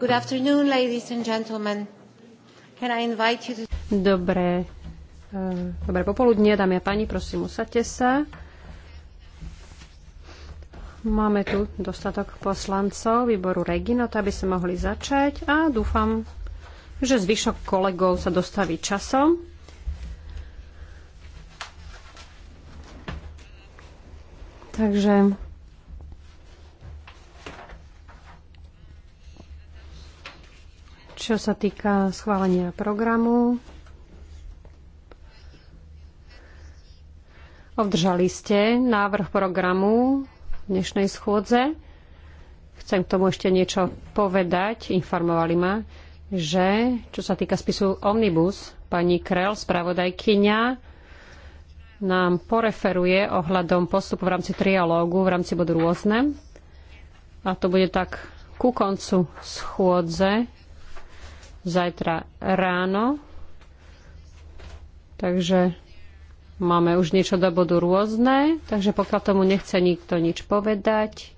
Good afternoon, ladies and gentlemen. Can I invite you to... Dobré, eh, dobré popoludnie, dámy a páni, prosím, usadte sa. Máme tu dostatok poslancov výboru Regino, aby sme mohli začať a dúfam, že zvyšok kolegov sa dostaví časom. Takže Čo sa týka schválenia programu, obdržali ste návrh programu dnešnej schôdze. Chcem k tomu ešte niečo povedať. Informovali ma, že čo sa týka spisu Omnibus, pani krel spravodajkyňa, nám poreferuje ohľadom postupu v rámci trialógu, v rámci bodu rôzne. A to bude tak ku koncu schôdze zajtra ráno. Takže máme už niečo do bodu rôzne, takže pokiaľ tomu nechce nikto nič povedať,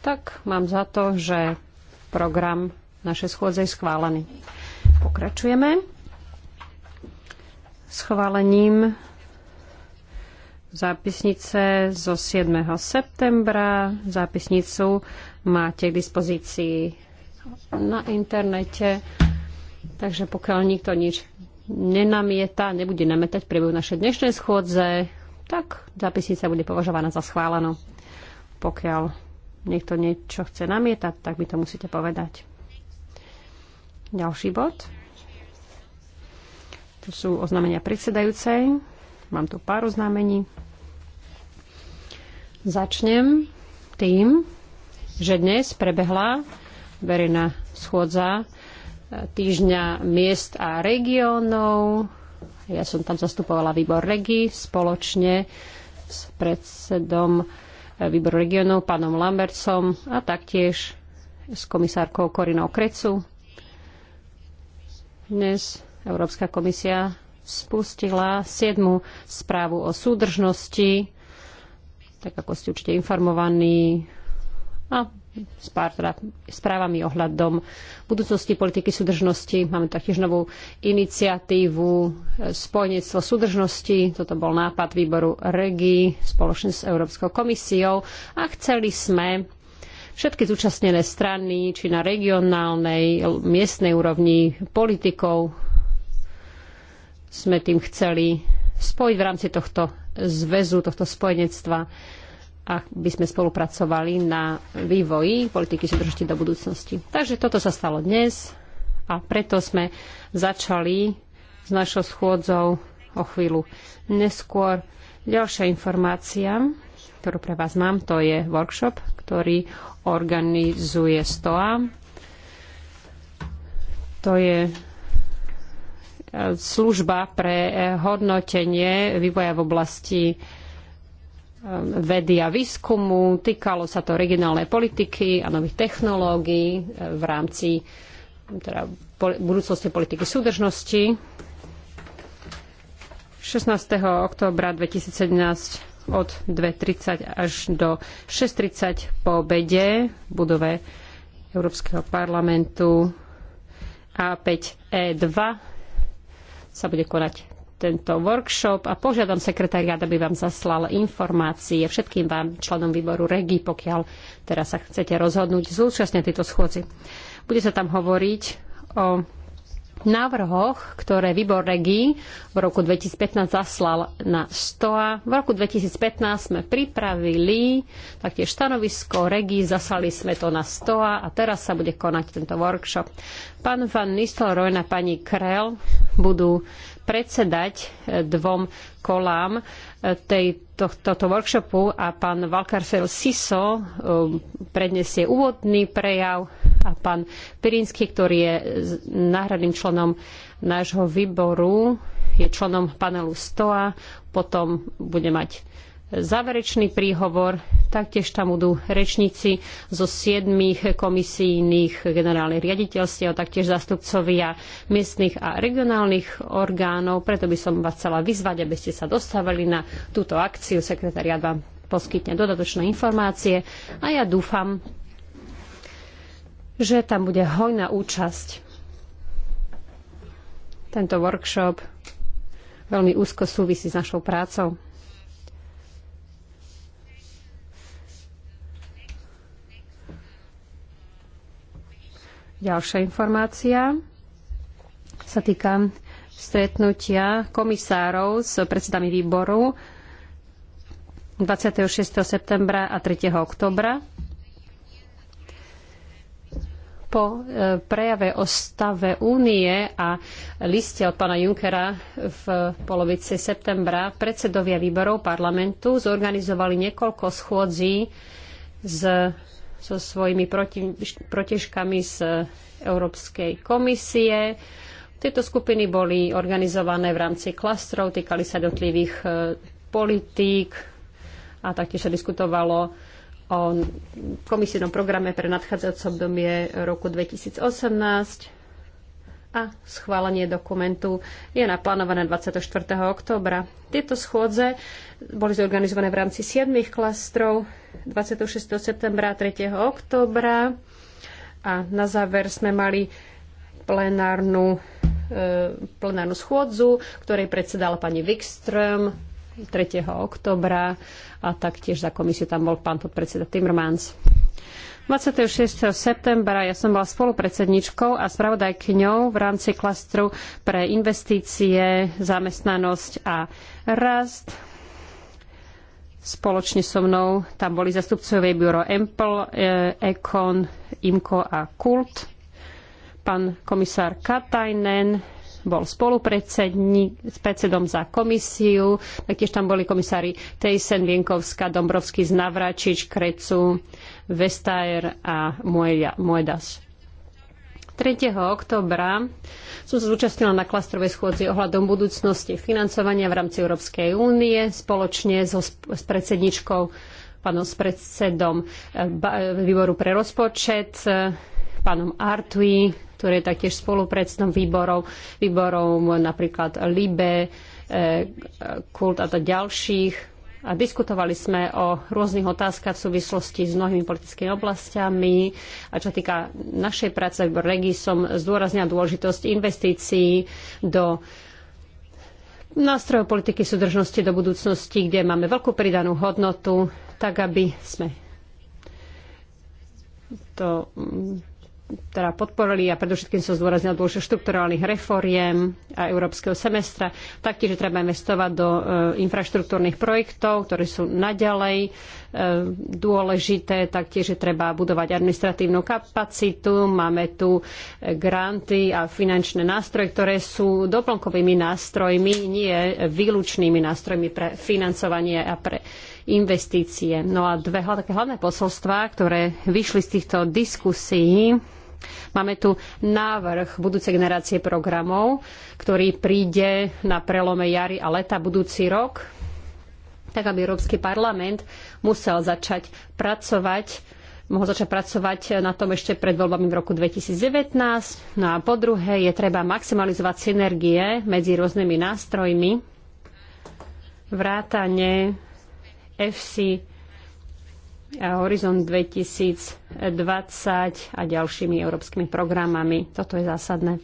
tak mám za to, že program naše schôdze je schválený. Pokračujeme schválením zápisnice zo 7. septembra. Zápisnicu máte k dispozícii na internete. Takže pokiaľ nikto nič nenamieta, nebude nametať priebehu našej dnešnej schôdze, tak zapisnica bude považovaná za schválenú. Pokiaľ niekto niečo chce namietať, tak mi to musíte povedať. Ďalší bod. Tu sú oznámenia predsedajúcej. Mám tu pár oznámení. Začnem tým, že dnes prebehla verejná schôdza e, týždňa miest a regiónov. Ja som tam zastupovala výbor regi spoločne s predsedom e, výboru regiónov, pánom Lambertsom a taktiež s komisárkou Korinou Krecu. Dnes Európska komisia spustila 7. správu o súdržnosti, tak ako ste určite informovaní. A s teda správami ohľadom budúcnosti politiky súdržnosti. Máme taktiež novú iniciatívu e, Spojenectvo súdržnosti. Toto bol nápad výboru REGI spoločne s Európskou komisiou a chceli sme všetky zúčastnené strany, či na regionálnej, miestnej úrovni politikov, sme tým chceli spojiť v rámci tohto zväzu, tohto spojenectva ak by sme spolupracovali na vývoji politiky súdržnosti do budúcnosti. Takže toto sa stalo dnes a preto sme začali s našou schôdzou o chvíľu neskôr. Ďalšia informácia, ktorú pre vás mám, to je workshop, ktorý organizuje STOA. To je e, služba pre hodnotenie vývoja v oblasti vedy a výskumu, týkalo sa to regionálnej politiky a nových technológií e, v rámci teda, budúcnosti politiky súdržnosti. 16. októbra 2017 od 2.30 až do 6.30 po obede v budove Európskeho parlamentu A5E2 sa bude konať tento workshop a požiadam sekretariát, aby vám zaslal informácie všetkým vám, členom výboru REGI, pokiaľ teraz sa chcete rozhodnúť zúčastne tejto schôdzi. Bude sa tam hovoriť o návrhoch, ktoré výbor REGI v roku 2015 zaslal na STOA. V roku 2015 sme pripravili taktiež stanovisko REGI, zaslali sme to na STOA a teraz sa bude konať tento workshop. Pán Van Nistelrooy a pani Krell budú predsedať e, dvom kolám e, tej, to, tohto workshopu a pán Valkarfel Siso e, predniesie úvodný prejav a pán Pirinsky, ktorý je náhradným členom nášho výboru, je členom panelu STOA, potom bude mať záverečný príhovor. Taktiež tam budú rečníci zo siedmých komisijných generálnych riaditeľstiev, taktiež zástupcovia miestnych a regionálnych orgánov. Preto by som vás chcela vyzvať, aby ste sa dostavili na túto akciu. Sekretariat vám poskytne dodatočné informácie a ja dúfam, že tam bude hojná účasť. Tento workshop veľmi úzko súvisí s našou prácou. Ďalšia informácia sa týka stretnutia komisárov s predsedami výboru 26. septembra a 3. oktobra. Po e, prejave o stave únie a liste od pána Junckera v polovici septembra predsedovia výborov parlamentu zorganizovali niekoľko schôdzí s so svojimi proti, protežkami z Európskej komisie. Tieto skupiny boli organizované v rámci klastrov, týkali sa dotlivých e, politík a taktiež sa diskutovalo o komisijnom programe pre nadchádzajúce obdobie roku 2018 a schválenie dokumentu je naplánované 24. októbra. Tieto schôdze boli zorganizované v rámci 7 klastrov 26. septembra a 3. októbra a na záver sme mali plenárnu, e, plenárnu schôdzu, ktorej predsedala pani Wikström 3. oktobra a taktiež za komisiu tam bol pán podpredseda Timmermans. 26. septembra ja som bola spolupredsedničkou a spravodajkyňou v rámci klastru pre investície, zamestnanosť a rast. Spoločne so mnou tam boli zastupcovie Bureau Empl, e, Econ, IMCO a Kult, pán komisár Katajnen, bol spolupredsedom za komisiu, taktiež tam boli komisári Tejsen, Vienkovská, Dombrovský, Znavračič, Krecu, Vestager a Moedas. 3. oktobra som sa zúčastnila na klastrovej schôdzi ohľadom budúcnosti financovania v rámci Európskej únie spoločne so, s predsedničkou, pánom s predsedom eh, eh, výboru pre rozpočet, eh, pánom Artui, ktorý je taktiež spolupredstvom výborov, výborov napríklad LIBE, eh, KULT a ďalších. A diskutovali sme o rôznych otázkach v súvislosti s mnohými politickými oblastiami. A čo týka našej práce v regii, som zdôraznila dôležitosť investícií do nástrojov politiky súdržnosti do budúcnosti, kde máme veľkú pridanú hodnotu, tak aby sme to teda podporili a predovšetkým som zdôraznil dôležitosť štrukturálnych reforiem a európskeho semestra. Taktiež treba investovať do e, infraštruktúrnych projektov, ktoré sú naďalej e, dôležité. Taktiež treba budovať administratívnu kapacitu. Máme tu e, granty a finančné nástroje, ktoré sú doplnkovými nástrojmi, nie výlučnými nástrojmi pre financovanie a pre investície. No a dve také hlavné posolstvá, ktoré vyšli z týchto diskusí, Máme tu návrh budúcej generácie programov, ktorý príde na prelome jary a leta budúci rok, tak aby Európsky parlament musel začať pracovať mohol začať pracovať na tom ešte pred voľbami v roku 2019. No a po druhé je treba maximalizovať synergie medzi rôznymi nástrojmi, vrátane FC a Horizon 2020 a ďalšími európskymi programami. Toto je zásadné.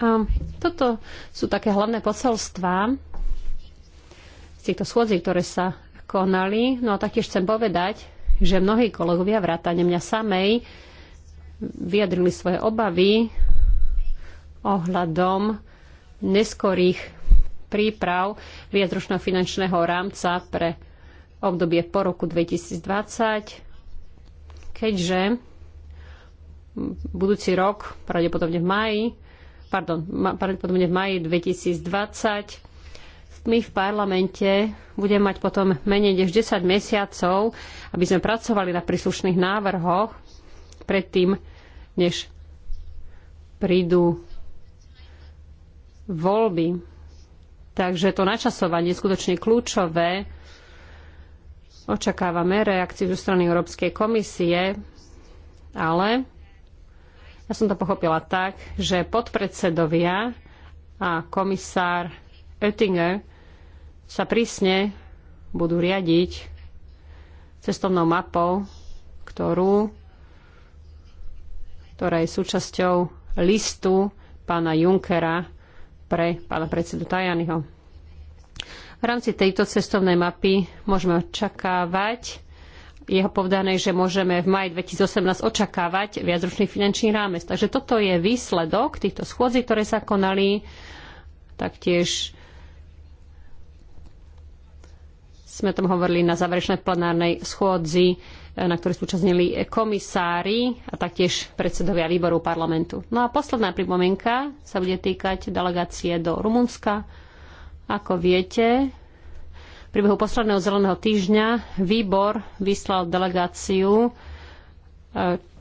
A toto sú také hlavné posolstvá z týchto schôdzí, ktoré sa konali. No a taktiež chcem povedať, že mnohí kolegovia vrátane mňa samej vyjadrili svoje obavy ohľadom neskorých príprav viacročného finančného rámca pre obdobie po roku 2020, keďže budúci rok, pravdepodobne v maji, pardon, pravdepodobne v maji 2020, my v parlamente budeme mať potom menej než 10 mesiacov, aby sme pracovali na príslušných návrhoch predtým, než prídu voľby. Takže to načasovanie je skutočne kľúčové Očakávame reakciu zo strany Európskej komisie, ale ja som to pochopila tak, že podpredsedovia a komisár Oettinger sa prísne budú riadiť cestovnou mapou, ktorú, ktorá je súčasťou listu pána Junckera pre pána predsedu Tajaniho. V rámci tejto cestovnej mapy môžeme očakávať, jeho povedané, že môžeme v maji 2018 očakávať viacročný finančný rámec. Takže toto je výsledok týchto schôdzí, ktoré sa konali. Taktiež sme tom hovorili na záverečnej plenárnej schôdzi, na ktorej súčasnili komisári a taktiež predsedovia výboru parlamentu. No a posledná pripomienka sa bude týkať delegácie do Rumunska. Ako viete, v priebehu posledného zeleného týždňa výbor vyslal delegáciu e,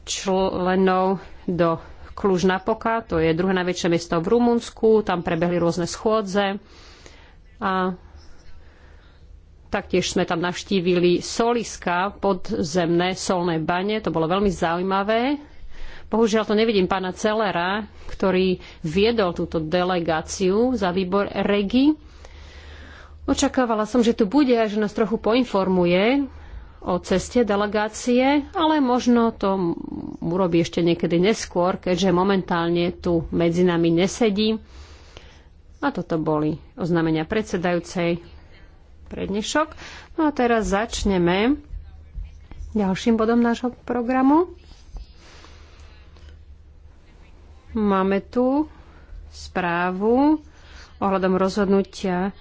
členov do Kluž Napoka, to je druhé najväčšie mesto v Rumunsku, tam prebehli rôzne schôdze a Taktiež sme tam navštívili soliska podzemné solné bane. To bolo veľmi zaujímavé. Bohužiaľ to nevidím pána Celera, ktorý viedol túto delegáciu za výbor REGI. Očakávala som, že tu bude a že nás trochu poinformuje o ceste delegácie, ale možno to urobí ešte niekedy neskôr, keďže momentálne tu medzi nami nesedí. A toto boli oznámenia predsedajúcej prednešok. No a teraz začneme ďalším bodom nášho programu. Máme tu správu ohľadom rozhodnutia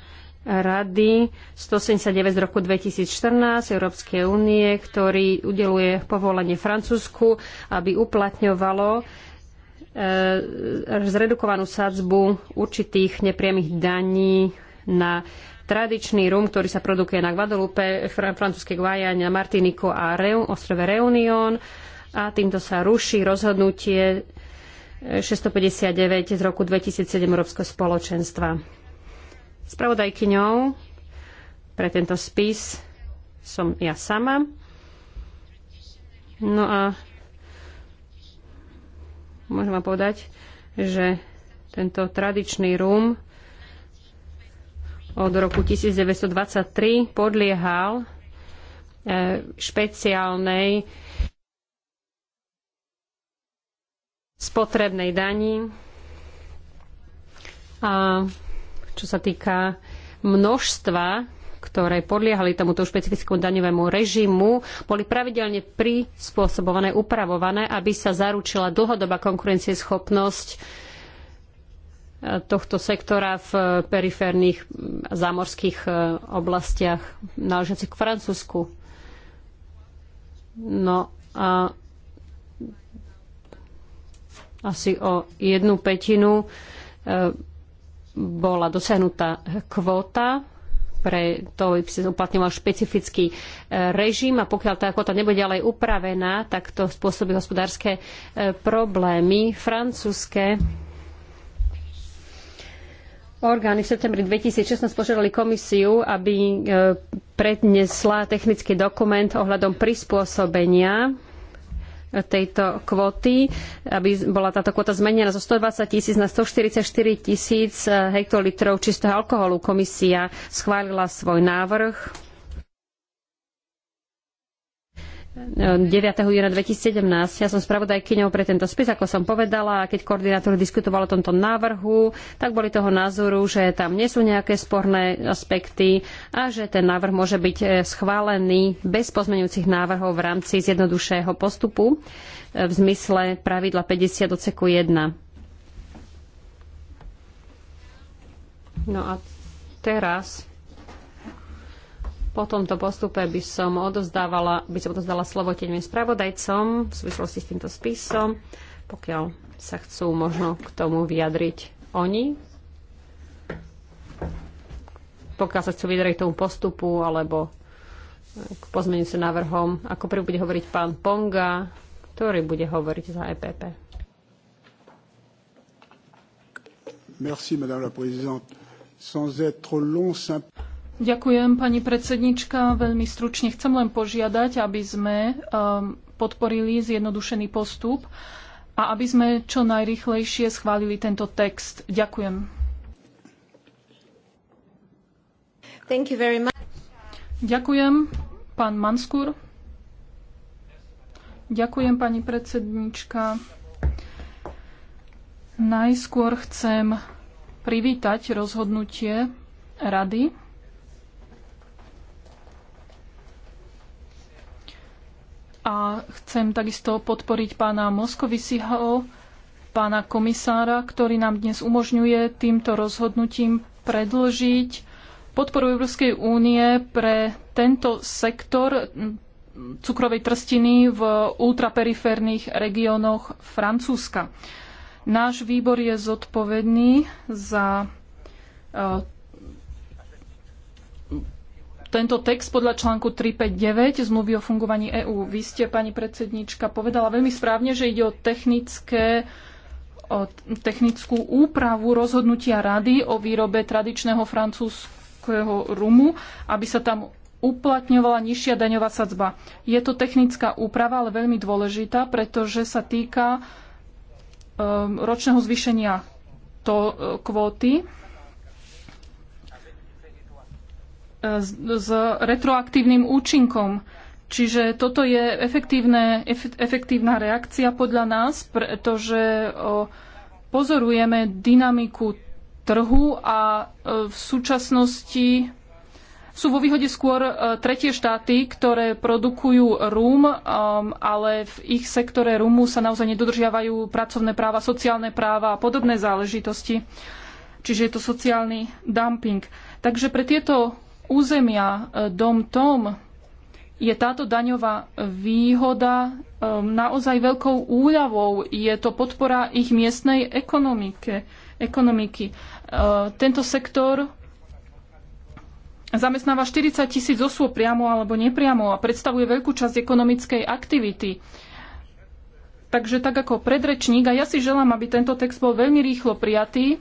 Rady 179 z roku 2014 Európskej únie, ktorý udeluje povolenie Francúzsku, aby uplatňovalo e, zredukovanú sadzbu určitých nepriamých daní na tradičný rum, ktorý sa produkuje na Guadalupe, francúzskej Guajane, na Martiniku a Reun, ostrove Reunion. A týmto sa ruší rozhodnutie 659 z roku 2007 Európskeho spoločenstva. Spravodajkyňou pre tento spis som ja sama. No a môžem vám povedať, že tento tradičný rum od roku 1923 podliehal e, špeciálnej spotrebnej dani a čo sa týka množstva, ktoré podliehali tomuto špecifickému daňovému režimu, boli pravidelne prispôsobované, upravované, aby sa zaručila dlhodobá konkurencieschopnosť e, tohto sektora v periférnych zámorských e, oblastiach náležiacich k Francúzsku. No a asi o jednu petinu e, bola dosiahnutá kvóta, pre to aby sa uplatňoval špecifický e, režim a pokiaľ tá kvota nebude ďalej upravená, tak to spôsobí hospodárske e, problémy. Francúzske Orgány v septembri 2016 požiadali komisiu, aby e, prednesla technický dokument ohľadom prispôsobenia tejto kvóty, aby bola táto kvóta zmenená zo 120 tisíc na 144 tisíc hektolitrov čistého alkoholu. Komisia schválila svoj návrh 9. júna 2017. Ja som spravodajkyňou pre tento spis, ako som povedala, a keď koordinátor diskutoval o tomto návrhu, tak boli toho názoru, že tam nie sú nejaké sporné aspekty a že ten návrh môže byť e, schválený bez pozmeňujúcich návrhov v rámci zjednodušeného postupu e, v zmysle pravidla 50 odseku 1. No a teraz po tomto postupe by som odozdávala, by som odozdala slovo tým spravodajcom v súvislosti s týmto spisom, pokiaľ sa chcú možno k tomu vyjadriť oni. Pokiaľ sa chcú vyjadriť tomu postupu alebo k sa návrhom. Ako prvý bude hovoriť pán Ponga, ktorý bude hovoriť za EPP. Merci, madame la présidente. Sans être long, simple... Ďakujem, pani predsednička. Veľmi stručne chcem len požiadať, aby sme um, podporili zjednodušený postup a aby sme čo najrychlejšie schválili tento text. Ďakujem. Thank you very much. Ďakujem, pán Manskur. Ďakujem, pani predsednička. Najskôr chcem privítať rozhodnutie Rady A chcem takisto podporiť pána Moskovisiho, pána komisára, ktorý nám dnes umožňuje týmto rozhodnutím predložiť podporu Európskej únie pre tento sektor cukrovej trstiny v ultraperiférnych regiónoch Francúzska. Náš výbor je zodpovedný za e, tento text podľa článku 359 zmluvy o fungovaní EÚ. Vy ste, pani predsednička, povedala veľmi správne, že ide o technické o technickú úpravu rozhodnutia rady o výrobe tradičného francúzského rumu, aby sa tam uplatňovala nižšia daňová sadzba. Je to technická úprava, ale veľmi dôležitá, pretože sa týka um, ročného zvýšenia to, e, kvóty s, s retroaktívnym účinkom. Čiže toto je efektívne, efektívna reakcia podľa nás, pretože pozorujeme dynamiku trhu a e, v súčasnosti sú vo výhode skôr e, tretie štáty, ktoré produkujú rum, e, ale v ich sektore rumu sa naozaj nedodržiavajú pracovné práva, sociálne práva a podobné záležitosti. Čiže je to sociálny dumping. Takže pre tieto územia e, Dom Tom, je táto daňová výhoda e, naozaj veľkou úľavou. Je to podpora ich miestnej ekonomike, ekonomiky. E, tento sektor zamestnáva 40 tisíc osôb priamo alebo nepriamo a predstavuje veľkú časť ekonomickej aktivity. Takže tak ako predrečník, a ja si želám, aby tento text bol veľmi rýchlo prijatý,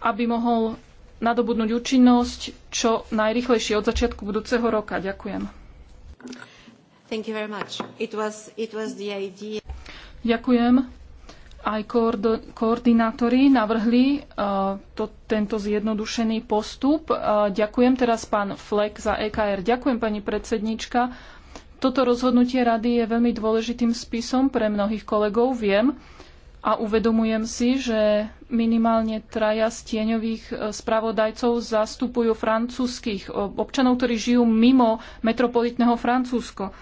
aby mohol nadobudnúť účinnosť čo najrychlejšie od začiatku budúceho roka. Ďakujem. Thank you very much. It was, it was the idea. Ďakujem. Aj koord- koordinátori navrhli uh, to, tento zjednodušený postup. Uh, ďakujem teraz pán Fleck za EKR. Ďakujem pani predsednička. Toto rozhodnutie rady je veľmi dôležitým spisom pre mnohých kolegov. Viem, a uvedomujem si, že minimálne traja z tieňových e, spravodajcov zastupujú francúzskych občanov, ktorí žijú mimo metropolitného Francúzsko.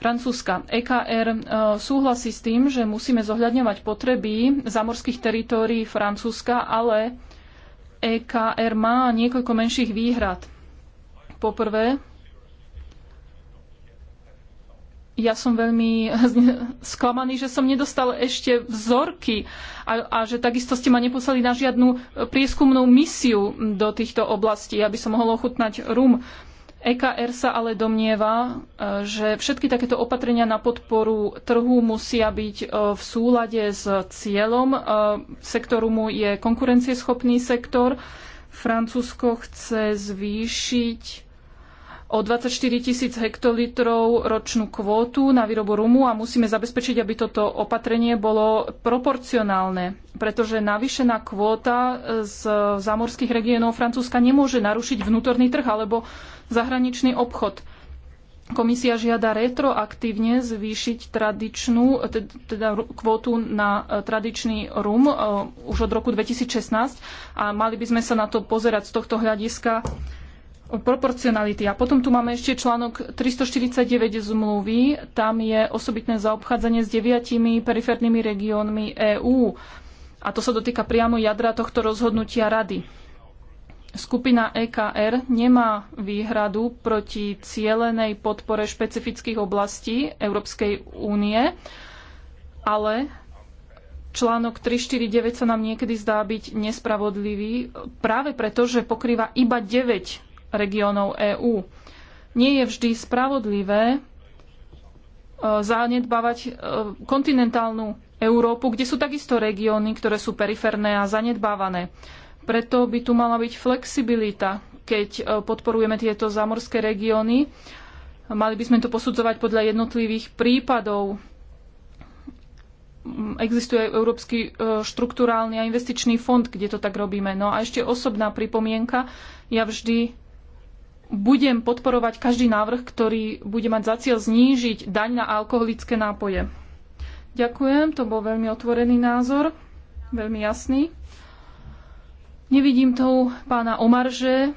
Francúzska. EKR e, súhlasí s tým, že musíme zohľadňovať potreby zamorských teritórií Francúzska, ale EKR má niekoľko menších výhrad. Poprvé, ja som veľmi sklamaný, že som nedostal ešte vzorky a, a že takisto ste ma neposlali na žiadnu prieskumnú misiu do týchto oblastí, aby som mohol ochutnať rum. EKR sa ale domnieva, e, že všetky takéto opatrenia na podporu trhu musia byť e, v súlade s cieľom. E, sektoru mu je konkurencieschopný sektor. Francúzsko chce zvýšiť o 24 tisíc hektolitrov ročnú kvótu na výrobu rumu a musíme zabezpečiť, aby toto opatrenie bolo proporcionálne, pretože navýšená kvóta z zámorských regiónov Francúzska nemôže narušiť vnútorný trh alebo zahraničný obchod. Komisia žiada retroaktívne zvýšiť tradičnú, teda kvótu na e, tradičný rum e, už od roku 2016 a mali by sme sa na to pozerať z tohto hľadiska proporcionality. A potom tu máme ešte článok 349 zmluvy. Tam je osobitné zaobchádzanie s deviatimi periférnymi regiónmi EÚ. A to sa dotýka priamo jadra tohto rozhodnutia rady. Skupina EKR nemá výhradu proti cielenej podpore špecifických oblastí Európskej únie, ale článok 349 sa nám niekedy zdá byť nespravodlivý práve preto, že pokrýva iba 9 regiónov EÚ. Nie je vždy spravodlivé e, zanedbávať e, kontinentálnu Európu, kde sú takisto regióny, ktoré sú periférne a zanedbávané. Preto by tu mala byť flexibilita, keď e, podporujeme tieto zámorské regióny. Mali by sme to posudzovať podľa jednotlivých prípadov. Mm, existuje Európsky štruktúrálny a investičný fond, kde to tak robíme. No a ešte osobná pripomienka. Ja vždy budem podporovať každý návrh, ktorý bude mať za cieľ znížiť daň na alkoholické nápoje. Ďakujem, to bol veľmi otvorený názor, veľmi jasný. Nevidím tu pána Omarže,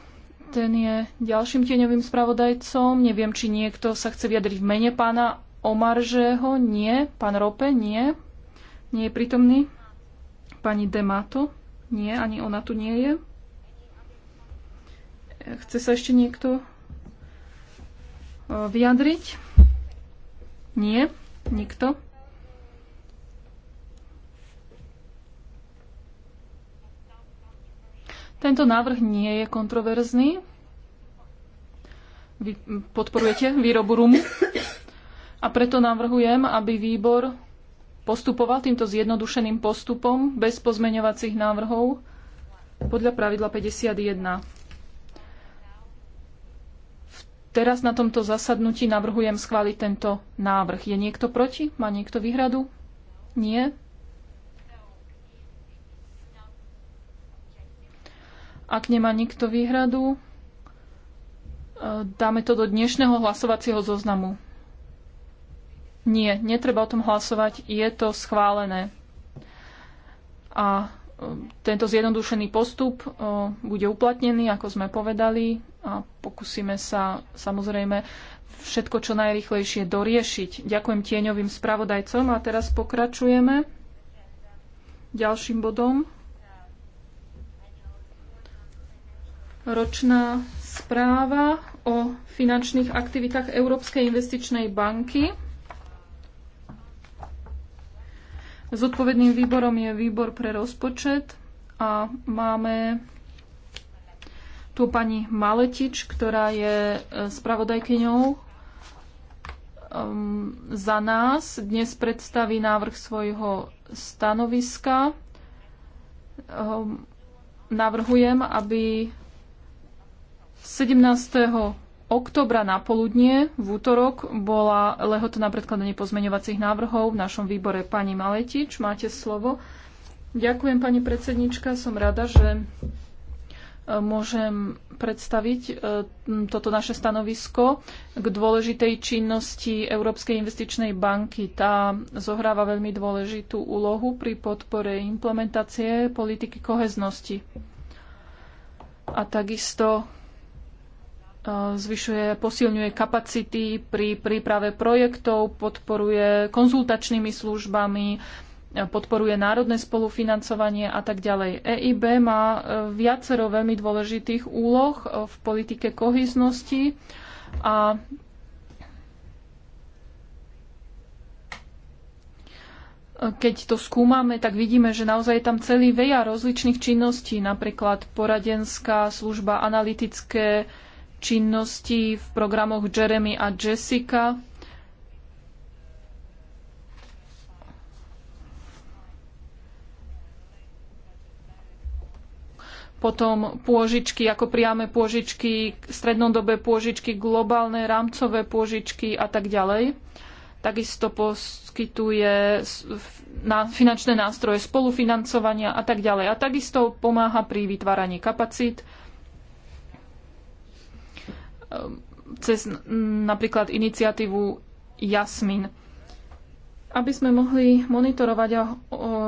ten je ďalším tieňovým spravodajcom. Neviem, či niekto sa chce vyjadriť v mene pána Omaržeho. Nie. Pán Rope? Nie. Nie je prítomný. Pani Demato? Nie, ani ona tu nie je. Chce sa ešte niekto eh, vyjadriť? Nie? Nikto? Tento návrh nie je kontroverzný. Vy podporujete výrobu rumu a preto navrhujem, aby výbor postupoval týmto zjednodušeným postupom bez pozmeňovacích návrhov podľa pravidla 51. Teraz na tomto zasadnutí navrhujem schváliť tento návrh. Je niekto proti? Má niekto výhradu? Nie? Ak nemá nikto výhradu, e, dáme to do dnešného hlasovacieho zoznamu. Nie, netreba o tom hlasovať, je to schválené. A tento zjednodušený postup bude uplatnený, ako sme povedali, a pokúsime sa samozrejme všetko čo najrychlejšie doriešiť. Ďakujem tieňovým spravodajcom a teraz pokračujeme ďalším bodom. Ročná správa o finančných aktivitách Európskej investičnej banky. Zodpovedným výborom je výbor pre rozpočet a máme tu pani Maletič, ktorá je e, spravodajkyňou um, za nás. Dnes predstaví návrh svojho stanoviska. Um, navrhujem, aby 17 oktobra na poludnie v útorok bola lehota na predkladanie pozmeňovacích návrhov v našom výbore. Pani Maletič, máte slovo. Ďakujem, pani predsednička. Som rada, že e, môžem predstaviť e, toto naše stanovisko k dôležitej činnosti Európskej investičnej banky. Tá zohráva veľmi dôležitú úlohu pri podpore implementácie politiky koheznosti. A takisto E, zvyšuje, posilňuje kapacity pri príprave projektov, podporuje konzultačnými službami, e, podporuje národné spolufinancovanie a tak ďalej. EIB má e, viacero veľmi dôležitých úloh v politike kohýznosti a keď to skúmame, tak vidíme, že naozaj je tam celý veja rozličných činností, napríklad poradenská služba, analytické činnosti v programoch Jeremy a Jessica. potom pôžičky ako priame pôžičky, strednodobé pôžičky, globálne rámcové pôžičky a tak ďalej. Takisto poskytuje finančné nástroje spolufinancovania a tak ďalej. A takisto pomáha pri vytváraní kapacít Eh, cez napríklad iniciatívu Jasmin. Aby sme mohli monitorovať a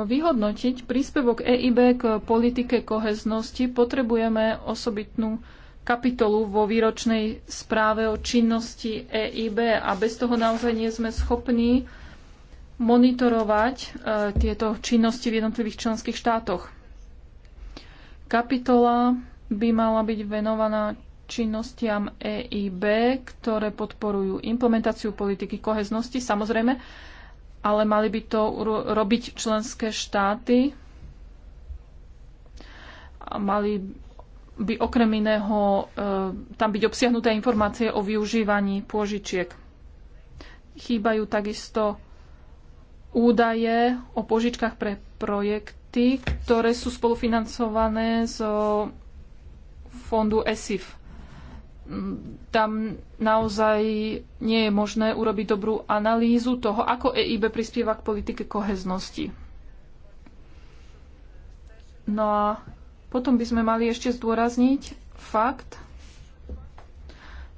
vyhodnotiť príspevok EIB k politike koheznosti, potrebujeme osobitnú kapitolu vo výročnej správe o činnosti EIB a bez toho naozaj nie sme schopní monitorovať e, tieto činnosti v jednotlivých členských štátoch. Kapitola by mala byť venovaná činnostiam EIB, ktoré podporujú implementáciu politiky koheznosti, samozrejme, ale mali by to robiť členské štáty. Mali by okrem iného e, tam byť obsiahnuté informácie o využívaní pôžičiek. Chýbajú takisto údaje o požičkách pre projekty, ktoré sú spolufinancované z fondu ESIF tam naozaj nie je možné urobiť dobrú analýzu toho, ako EIB prispieva k politike koheznosti. No a potom by sme mali ešte zdôrazniť fakt,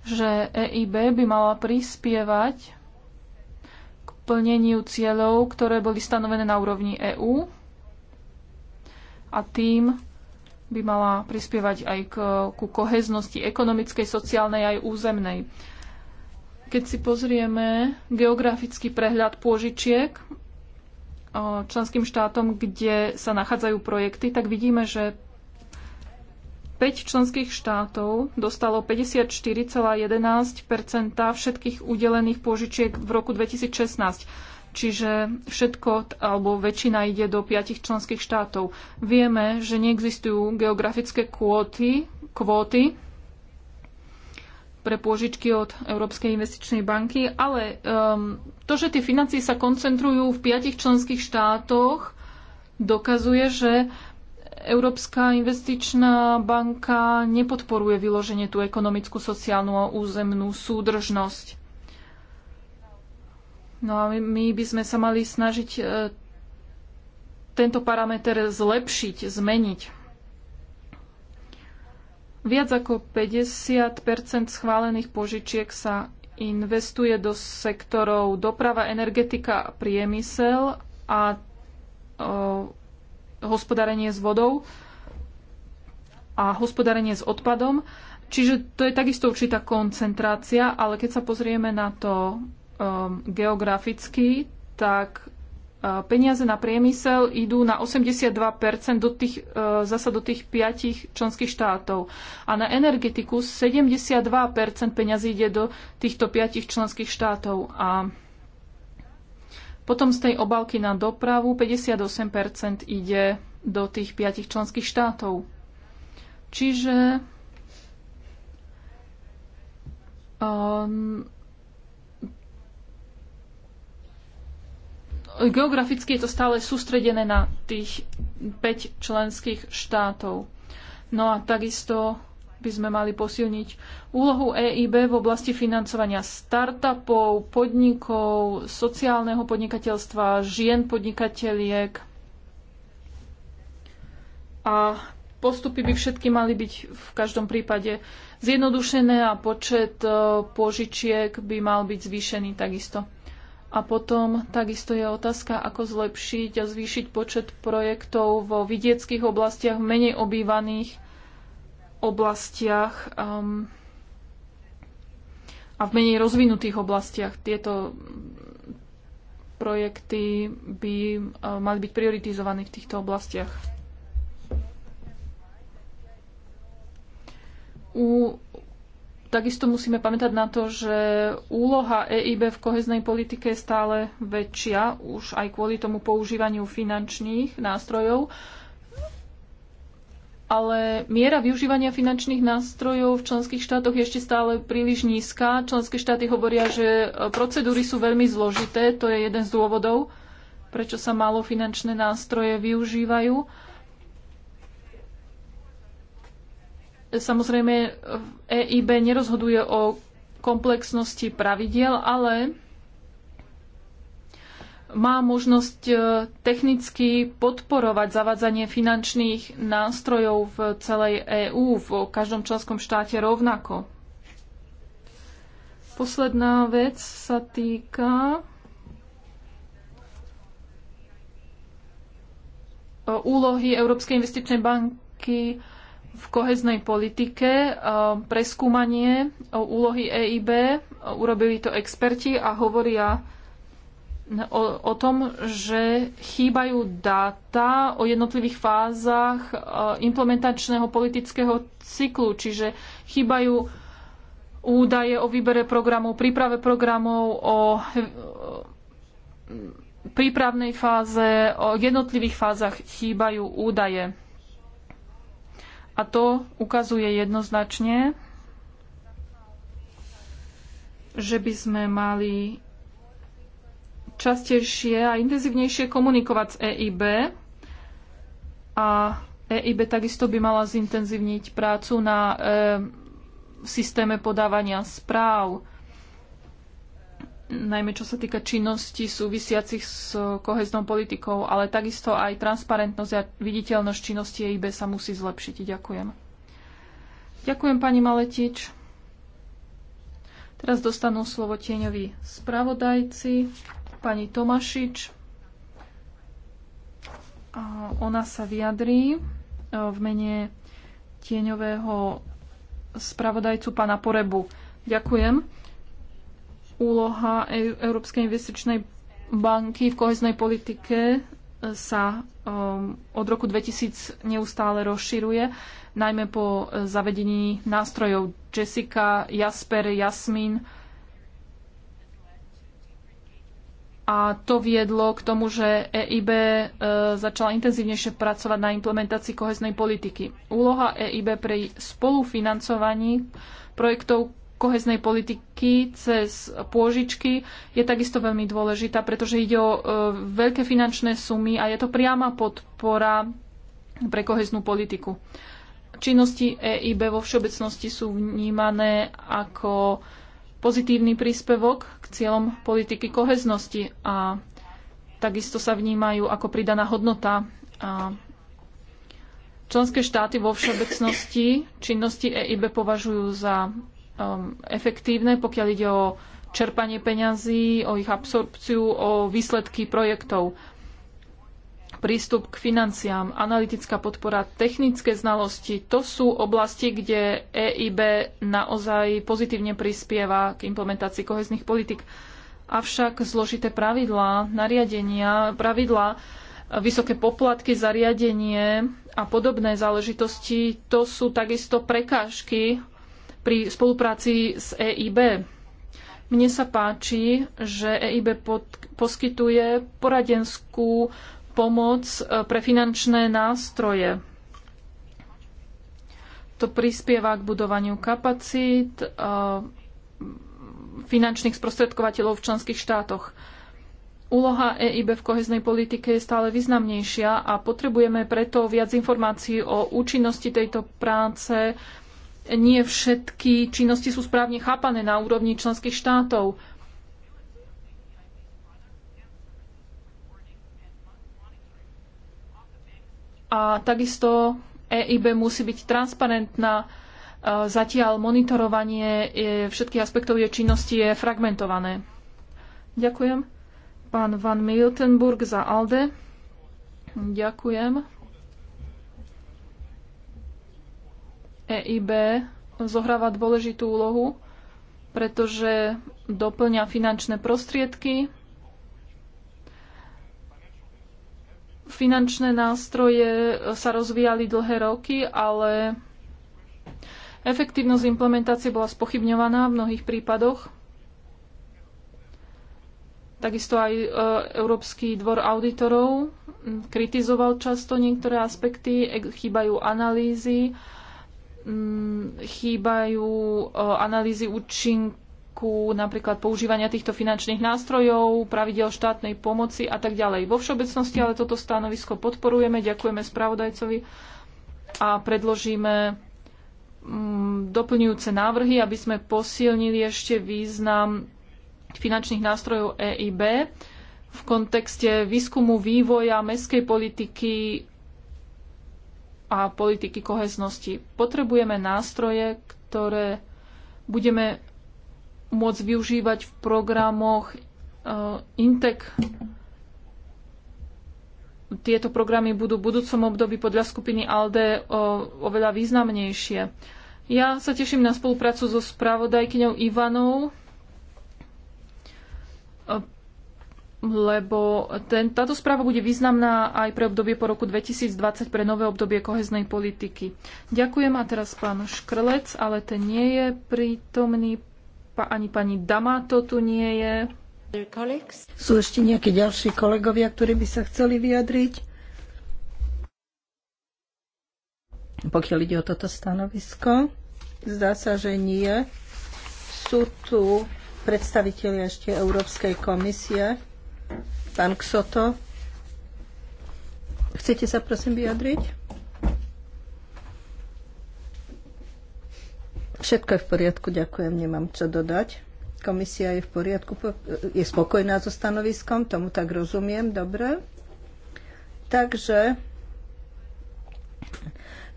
že EIB by mala prispievať k plneniu cieľov, ktoré boli stanovené na úrovni EÚ a tým by mala prispievať aj k, ku koheznosti ekonomickej, sociálnej aj územnej. Keď si pozrieme geografický prehľad pôžičiek členským štátom, kde sa nachádzajú projekty, tak vidíme, že 5 členských štátov dostalo 54,11 všetkých udelených pôžičiek v roku 2016. Čiže všetko alebo väčšina ide do piatich členských štátov. Vieme, že neexistujú geografické kvóty, kvóty pre pôžičky od Európskej investičnej banky, ale um, to, že tie financie sa koncentrujú v piatich členských štátoch, dokazuje, že Európska investičná banka nepodporuje vyloženie tú ekonomickú, sociálnu a územnú súdržnosť. No a my by sme sa mali snažiť e, tento parameter zlepšiť, zmeniť. Viac ako 50 schválených požičiek sa investuje do sektorov doprava, energetika a priemysel a o, hospodárenie s vodou a hospodárenie s odpadom. Čiže to je takisto určitá koncentrácia, ale keď sa pozrieme na to um, geograficky, tak uh, peniaze na priemysel idú na 82% do tých, uh, zasa do tých piatich členských štátov. A na energetiku 72% peniazy ide do týchto piatich členských štátov. A potom z tej obálky na dopravu 58% ide do tých piatich členských štátov. Čiže um, geograficky je to stále sústredené na tých 5 členských štátov. No a takisto by sme mali posilniť úlohu EIB v oblasti financovania startupov, podnikov, sociálneho podnikateľstva, žien podnikateliek. A postupy by všetky mali byť v každom prípade zjednodušené a počet e, požičiek by mal byť zvýšený takisto. A potom takisto je otázka, ako zlepšiť a zvýšiť počet projektov vo vidieckých oblastiach, menej obývaných oblastiach um, a v menej rozvinutých oblastiach. Tieto projekty by um, mali byť prioritizované v týchto oblastiach. U Takisto musíme pamätať na to, že úloha EIB v koheznej politike je stále väčšia, už aj kvôli tomu používaniu finančných nástrojov. Ale miera využívania finančných nástrojov v členských štátoch je ešte stále príliš nízka. Členské štáty hovoria, že procedúry sú veľmi zložité. To je jeden z dôvodov, prečo sa málo finančné nástroje využívajú Samozrejme, EIB nerozhoduje o komplexnosti pravidiel, ale má možnosť e, technicky podporovať zavádzanie finančných nástrojov v celej EÚ, v každom členskom štáte rovnako. Posledná vec sa týka e, úlohy Európskej investičnej banky v koheznej politike e, preskúmanie e, úlohy EIB. E, urobili to experti a hovoria o, o tom, že chýbajú dáta o jednotlivých fázach implementačného politického cyklu, čiže chýbajú údaje o výbere programov, príprave programov, o prípravnej fáze, o jednotlivých fázach chýbajú údaje. A to ukazuje jednoznačne, že by sme mali častejšie a intenzívnejšie komunikovať s EIB a EIB takisto by mala zintenzívniť prácu na e, systéme podávania správ najmä čo sa týka činností súvisiacich s koheznou politikou, ale takisto aj transparentnosť a viditeľnosť činnosti EIB sa musí zlepšiť. Ďakujem. Ďakujem pani Maletič. Teraz dostanú slovo tieňoví spravodajci. Pani Tomašič. Ona sa vyjadrí e, v mene tieňového spravodajcu pána Porebu. Ďakujem úloha e- Európskej investičnej banky v koheznej politike sa um, od roku 2000 neustále rozširuje, najmä po e, zavedení nástrojov Jessica, Jasper, Jasmin. A to viedlo k tomu, že EIB e, začala intenzívnejšie pracovať na implementácii koheznej politiky. Úloha EIB pri spolufinancovaní projektov koheznej politiky cez pôžičky je takisto veľmi dôležitá, pretože ide o e, veľké finančné sumy a je to priama podpora pre koheznú politiku. Činnosti EIB vo všeobecnosti sú vnímané ako pozitívny príspevok k cieľom politiky koheznosti a takisto sa vnímajú ako pridaná hodnota a Členské štáty vo všeobecnosti činnosti EIB považujú za um, efektívne, pokiaľ ide o čerpanie peňazí, o ich absorpciu, o výsledky projektov, prístup k financiám, analytická podpora, technické znalosti. To sú oblasti, kde EIB naozaj pozitívne prispieva k implementácii kohezných politik. Avšak zložité pravidlá, nariadenia, pravidlá, vysoké poplatky, zariadenie a podobné záležitosti, to sú takisto prekážky pri spolupráci s EIB. Mne sa páči, že EIB pod, poskytuje poradenskú pomoc e, pre finančné nástroje. To prispieva k budovaniu kapacít e, finančných sprostredkovateľov v členských štátoch. Úloha EIB v koheznej politike je stále významnejšia a potrebujeme preto viac informácií o účinnosti tejto práce, nie všetky činnosti sú správne chápané na úrovni členských štátov. A takisto EIB musí byť transparentná. E, zatiaľ monitorovanie e, všetkých aspektov jej činnosti je fragmentované. Ďakujem. Pán Van Miltenburg za ALDE. Ďakujem. EIB zohráva dôležitú úlohu, pretože doplňa finančné prostriedky, finančné nástroje sa rozvíjali dlhé roky, ale efektívnosť implementácie bola spochybňovaná v mnohých prípadoch. Takisto aj e, Európsky dvor auditorov kritizoval často niektoré aspekty, e, chýbajú analýzy Mm, chýbajú e, analýzy účinku napríklad používania týchto finančných nástrojov, pravidel štátnej pomoci a tak ďalej. Vo všeobecnosti ale toto stanovisko podporujeme, ďakujeme spravodajcovi a predložíme mm, doplňujúce návrhy, aby sme posilnili ešte význam finančných nástrojov EIB v kontexte výskumu vývoja mestskej politiky a politiky koheznosti. Potrebujeme nástroje, ktoré budeme môcť využívať v programoch e, Intec. Tieto programy budú v budúcom období podľa skupiny ALDE e, oveľa významnejšie. Ja sa teším na spoluprácu so spravodajkyňou Ivanou e, lebo ten, táto správa bude významná aj pre obdobie po roku 2020, pre nové obdobie koheznej politiky. Ďakujem a teraz pán Škrlec, ale ten nie je prítomný, pa, ani pani Damato tu nie je. Sú ešte nejakí ďalší kolegovia, ktorí by sa chceli vyjadriť? Pokiaľ ide o toto stanovisko, zdá sa, že nie. Sú tu predstaviteľi ešte Európskej komisie. Pán Ksoto, chcete sa prosím vyjadriť? Všetko je v poriadku, ďakujem, nemám čo dodať. Komisia je v poriadku, je spokojná so stanoviskom, tomu tak rozumiem, dobre. Takže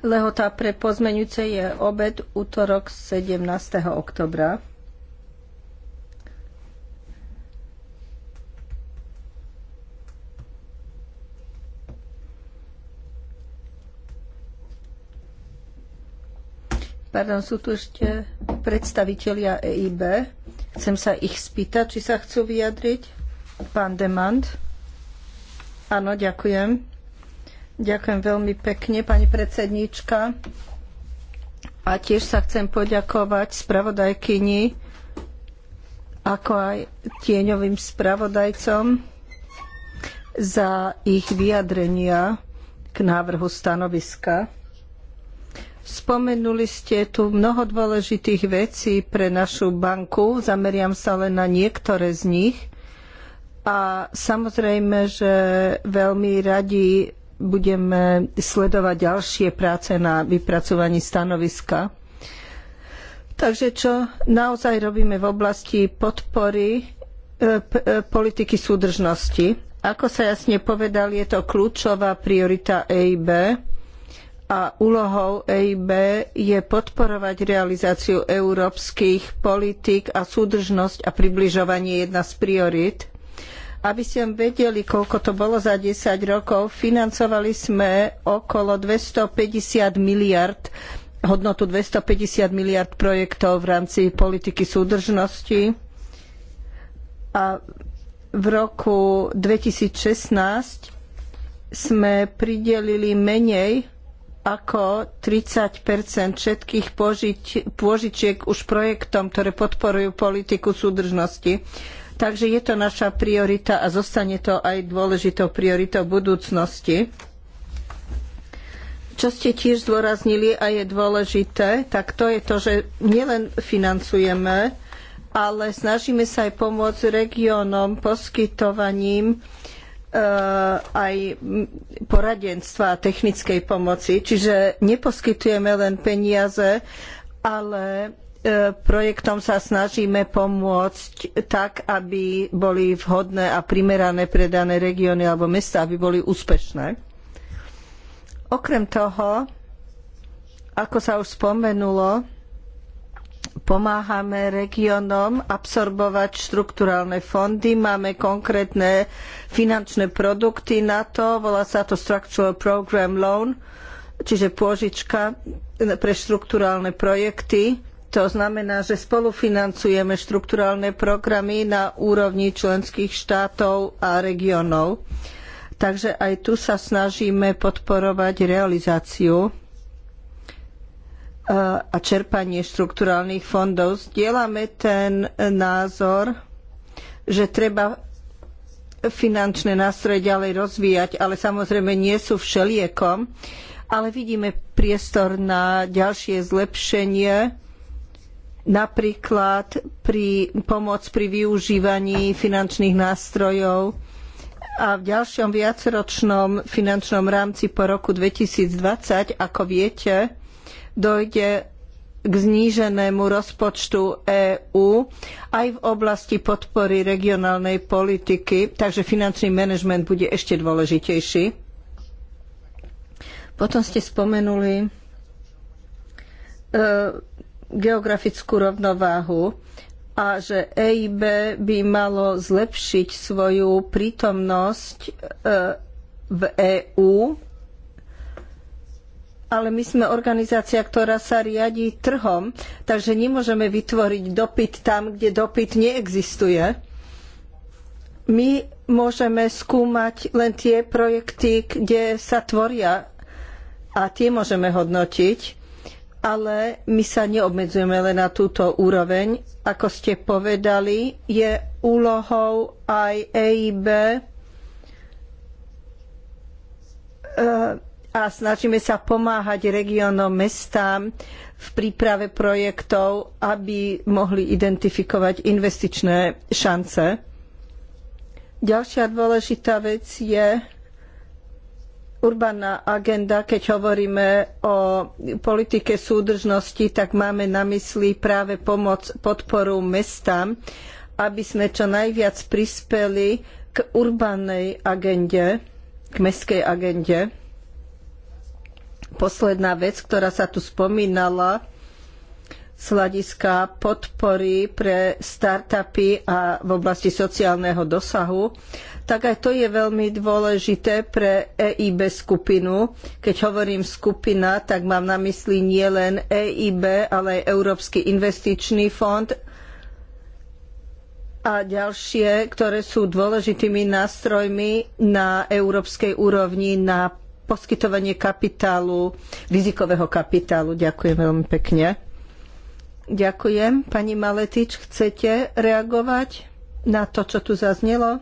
lehota pre pozmeňujúce je obed útorok 17. oktobra. Pardon, sú tu ešte predstavitelia EIB. Chcem sa ich spýtať, či sa chcú vyjadriť. Pán Demand. Áno, ďakujem. Ďakujem veľmi pekne, pani predsedníčka. A tiež sa chcem poďakovať spravodajkyni, ako aj tieňovým spravodajcom za ich vyjadrenia k návrhu stanoviska. Spomenuli ste tu mnoho dôležitých vecí pre našu banku. Zameriam sa len na niektoré z nich. A samozrejme, že veľmi radi budeme sledovať ďalšie práce na vypracovaní stanoviska. Takže čo naozaj robíme v oblasti podpory e, e, politiky súdržnosti? Ako sa jasne povedal, je to kľúčová priorita EIB a úlohou EIB je podporovať realizáciu európskych politík a súdržnosť a približovanie jedna z priorit. Aby ste vedeli, koľko to bolo za 10 rokov, financovali sme okolo 250 miliard hodnotu 250 miliard projektov v rámci politiky súdržnosti a v roku 2016 sme pridelili menej ako 30 všetkých pôžičiek už projektom, ktoré podporujú politiku súdržnosti. Takže je to naša priorita a zostane to aj dôležitou prioritou budúcnosti. Čo ste tiež zdôraznili a je dôležité, tak to je to, že nielen financujeme, ale snažíme sa aj pomôcť regiónom poskytovaním uh, Eh, aj poradenstva a technickej pomoci. Čiže neposkytujeme len peniaze, ale eh, projektom sa snažíme pomôcť tak, aby boli vhodné a primerané pre dané regióny alebo mesta, aby boli úspešné. Okrem toho, ako sa už spomenulo, pomáhame regiónom absorbovať štrukturálne fondy, máme konkrétne finančné produkty na to, volá sa to Structural Program Loan, čiže pôžička pre štrukturálne projekty. To znamená, že spolufinancujeme štrukturálne programy na úrovni členských štátov a regiónov. Takže aj tu sa snažíme podporovať realizáciu a čerpanie štrukturálnych fondov. Zdieľame ten názor, že treba finančné nástroje ďalej rozvíjať, ale samozrejme nie sú všeliekom. Ale vidíme priestor na ďalšie zlepšenie, napríklad pri pomoc pri využívaní finančných nástrojov a v ďalšom viacročnom finančnom rámci po roku 2020, ako viete, dojde k zníženému rozpočtu EÚ aj v oblasti podpory regionálnej politiky, takže finančný manažment bude ešte dôležitejší. Potom ste spomenuli e, geografickú rovnováhu a že EIB by malo zlepšiť svoju prítomnosť e, v EÚ ale my sme organizácia, ktorá sa riadi trhom, takže nemôžeme vytvoriť dopyt tam, kde dopyt neexistuje. My môžeme skúmať len tie projekty, kde sa tvoria a tie môžeme hodnotiť, ale my sa neobmedzujeme len na túto úroveň. Ako ste povedali, je úlohou aj EIB e, a snažíme sa pomáhať regiónom, mestám v príprave projektov, aby mohli identifikovať investičné šance. Ďalšia dôležitá vec je urbaná agenda. Keď hovoríme o politike súdržnosti, tak máme na mysli práve pomoc, podporu mestám, aby sme čo najviac prispeli k urbanej agende, k mestskej agende Posledná vec, ktorá sa tu spomínala, z hľadiska podpory pre startupy a v oblasti sociálneho dosahu, tak aj to je veľmi dôležité pre EIB skupinu. Keď hovorím skupina, tak mám na mysli nielen EIB, ale aj Európsky investičný fond a ďalšie, ktoré sú dôležitými nástrojmi na európskej úrovni na poskytovanie kapitálu, rizikového kapitálu. Ďakujem veľmi pekne. Ďakujem. Pani Maletič, chcete reagovať na to, čo tu zaznelo?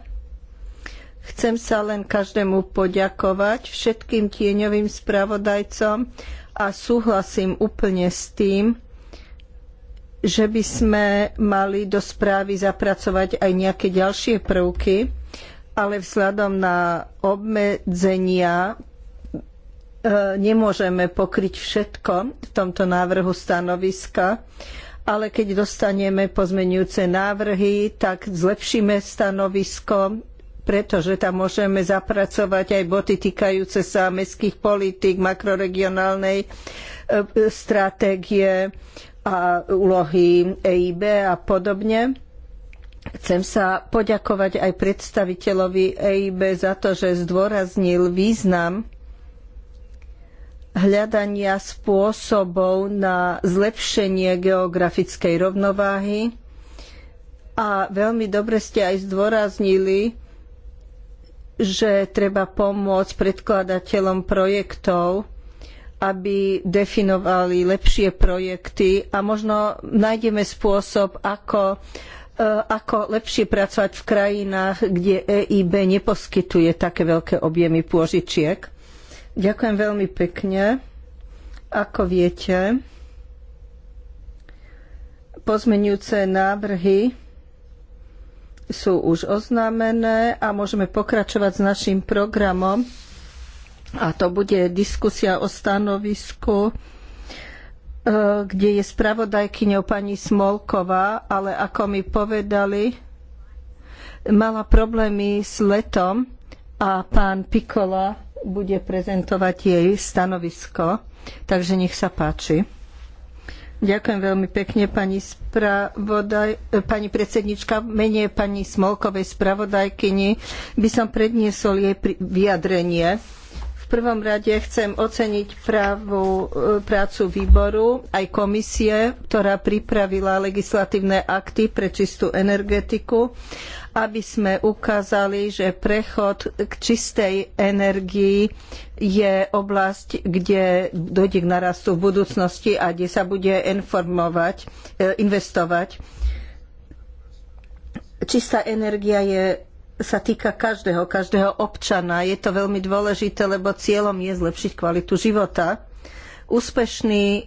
Chcem sa len každému poďakovať, všetkým tieňovým spravodajcom a súhlasím úplne s tým, že by sme mali do správy zapracovať aj nejaké ďalšie prvky, ale vzhľadom na obmedzenia E, nemôžeme pokryť všetko v tomto návrhu stanoviska, ale keď dostaneme pozmenujúce návrhy, tak zlepšíme stanovisko, pretože tam môžeme zapracovať aj body týkajúce sa mestských politík, makroregionálnej e, stratégie a úlohy EIB a podobne. Chcem sa poďakovať aj predstaviteľovi EIB za to, že zdôraznil význam hľadania spôsobov na zlepšenie geografickej rovnováhy. A veľmi dobre ste aj zdôraznili, že treba pomôcť predkladateľom projektov, aby definovali lepšie projekty a možno nájdeme spôsob, ako, e, ako lepšie pracovať v krajinách, kde EIB neposkytuje také veľké objemy pôžičiek. Ďakujem veľmi pekne. Ako viete, pozmenujúce návrhy sú už oznámené a môžeme pokračovať s našim programom. A to bude diskusia o stanovisku, e, kde je spravodajkyňou pani Smolková, ale ako mi povedali, mala problémy s letom a pán Pikola bude prezentovať jej stanovisko. Takže nech sa páči. Ďakujem veľmi pekne pani, spravodaj, eh, pani predsednička. Mene pani Smolkovej spravodajkyni by som predniesol jej vyjadrenie. V prvom rade chcem oceniť právu, eh, prácu výboru aj komisie, ktorá pripravila legislatívne akty pre čistú energetiku aby sme ukázali, že prechod k čistej energii je oblasť, kde dojde k narastu v budúcnosti a kde sa bude informovať, eh, investovať. Čistá energia je, sa týka každého, každého občana. Je to veľmi dôležité, lebo cieľom je zlepšiť kvalitu života. Úspešný e,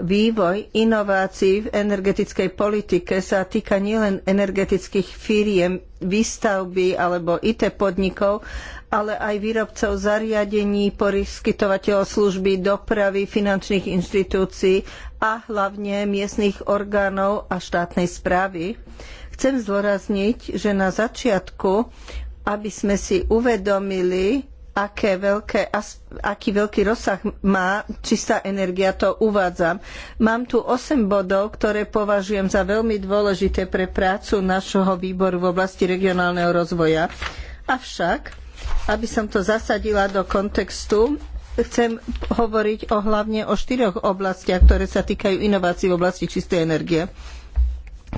vývoj inovácií v energetickej politike sa týka nielen energetických firiem, výstavby alebo IT podnikov, ale aj výrobcov zariadení, poskytovateľov služby, dopravy, finančných inštitúcií a hlavne miestnych orgánov a štátnej správy. Chcem zdôrazniť, že na začiatku, aby sme si uvedomili, aké veľké, aký veľký rozsah má čistá energia, to uvádzam. Mám tu 8 bodov, ktoré považujem za veľmi dôležité pre prácu našho výboru v oblasti regionálneho rozvoja. Avšak, aby som to zasadila do kontextu, chcem hovoriť o, hlavne o štyroch oblastiach, ktoré sa týkajú inovácií v oblasti čistej energie.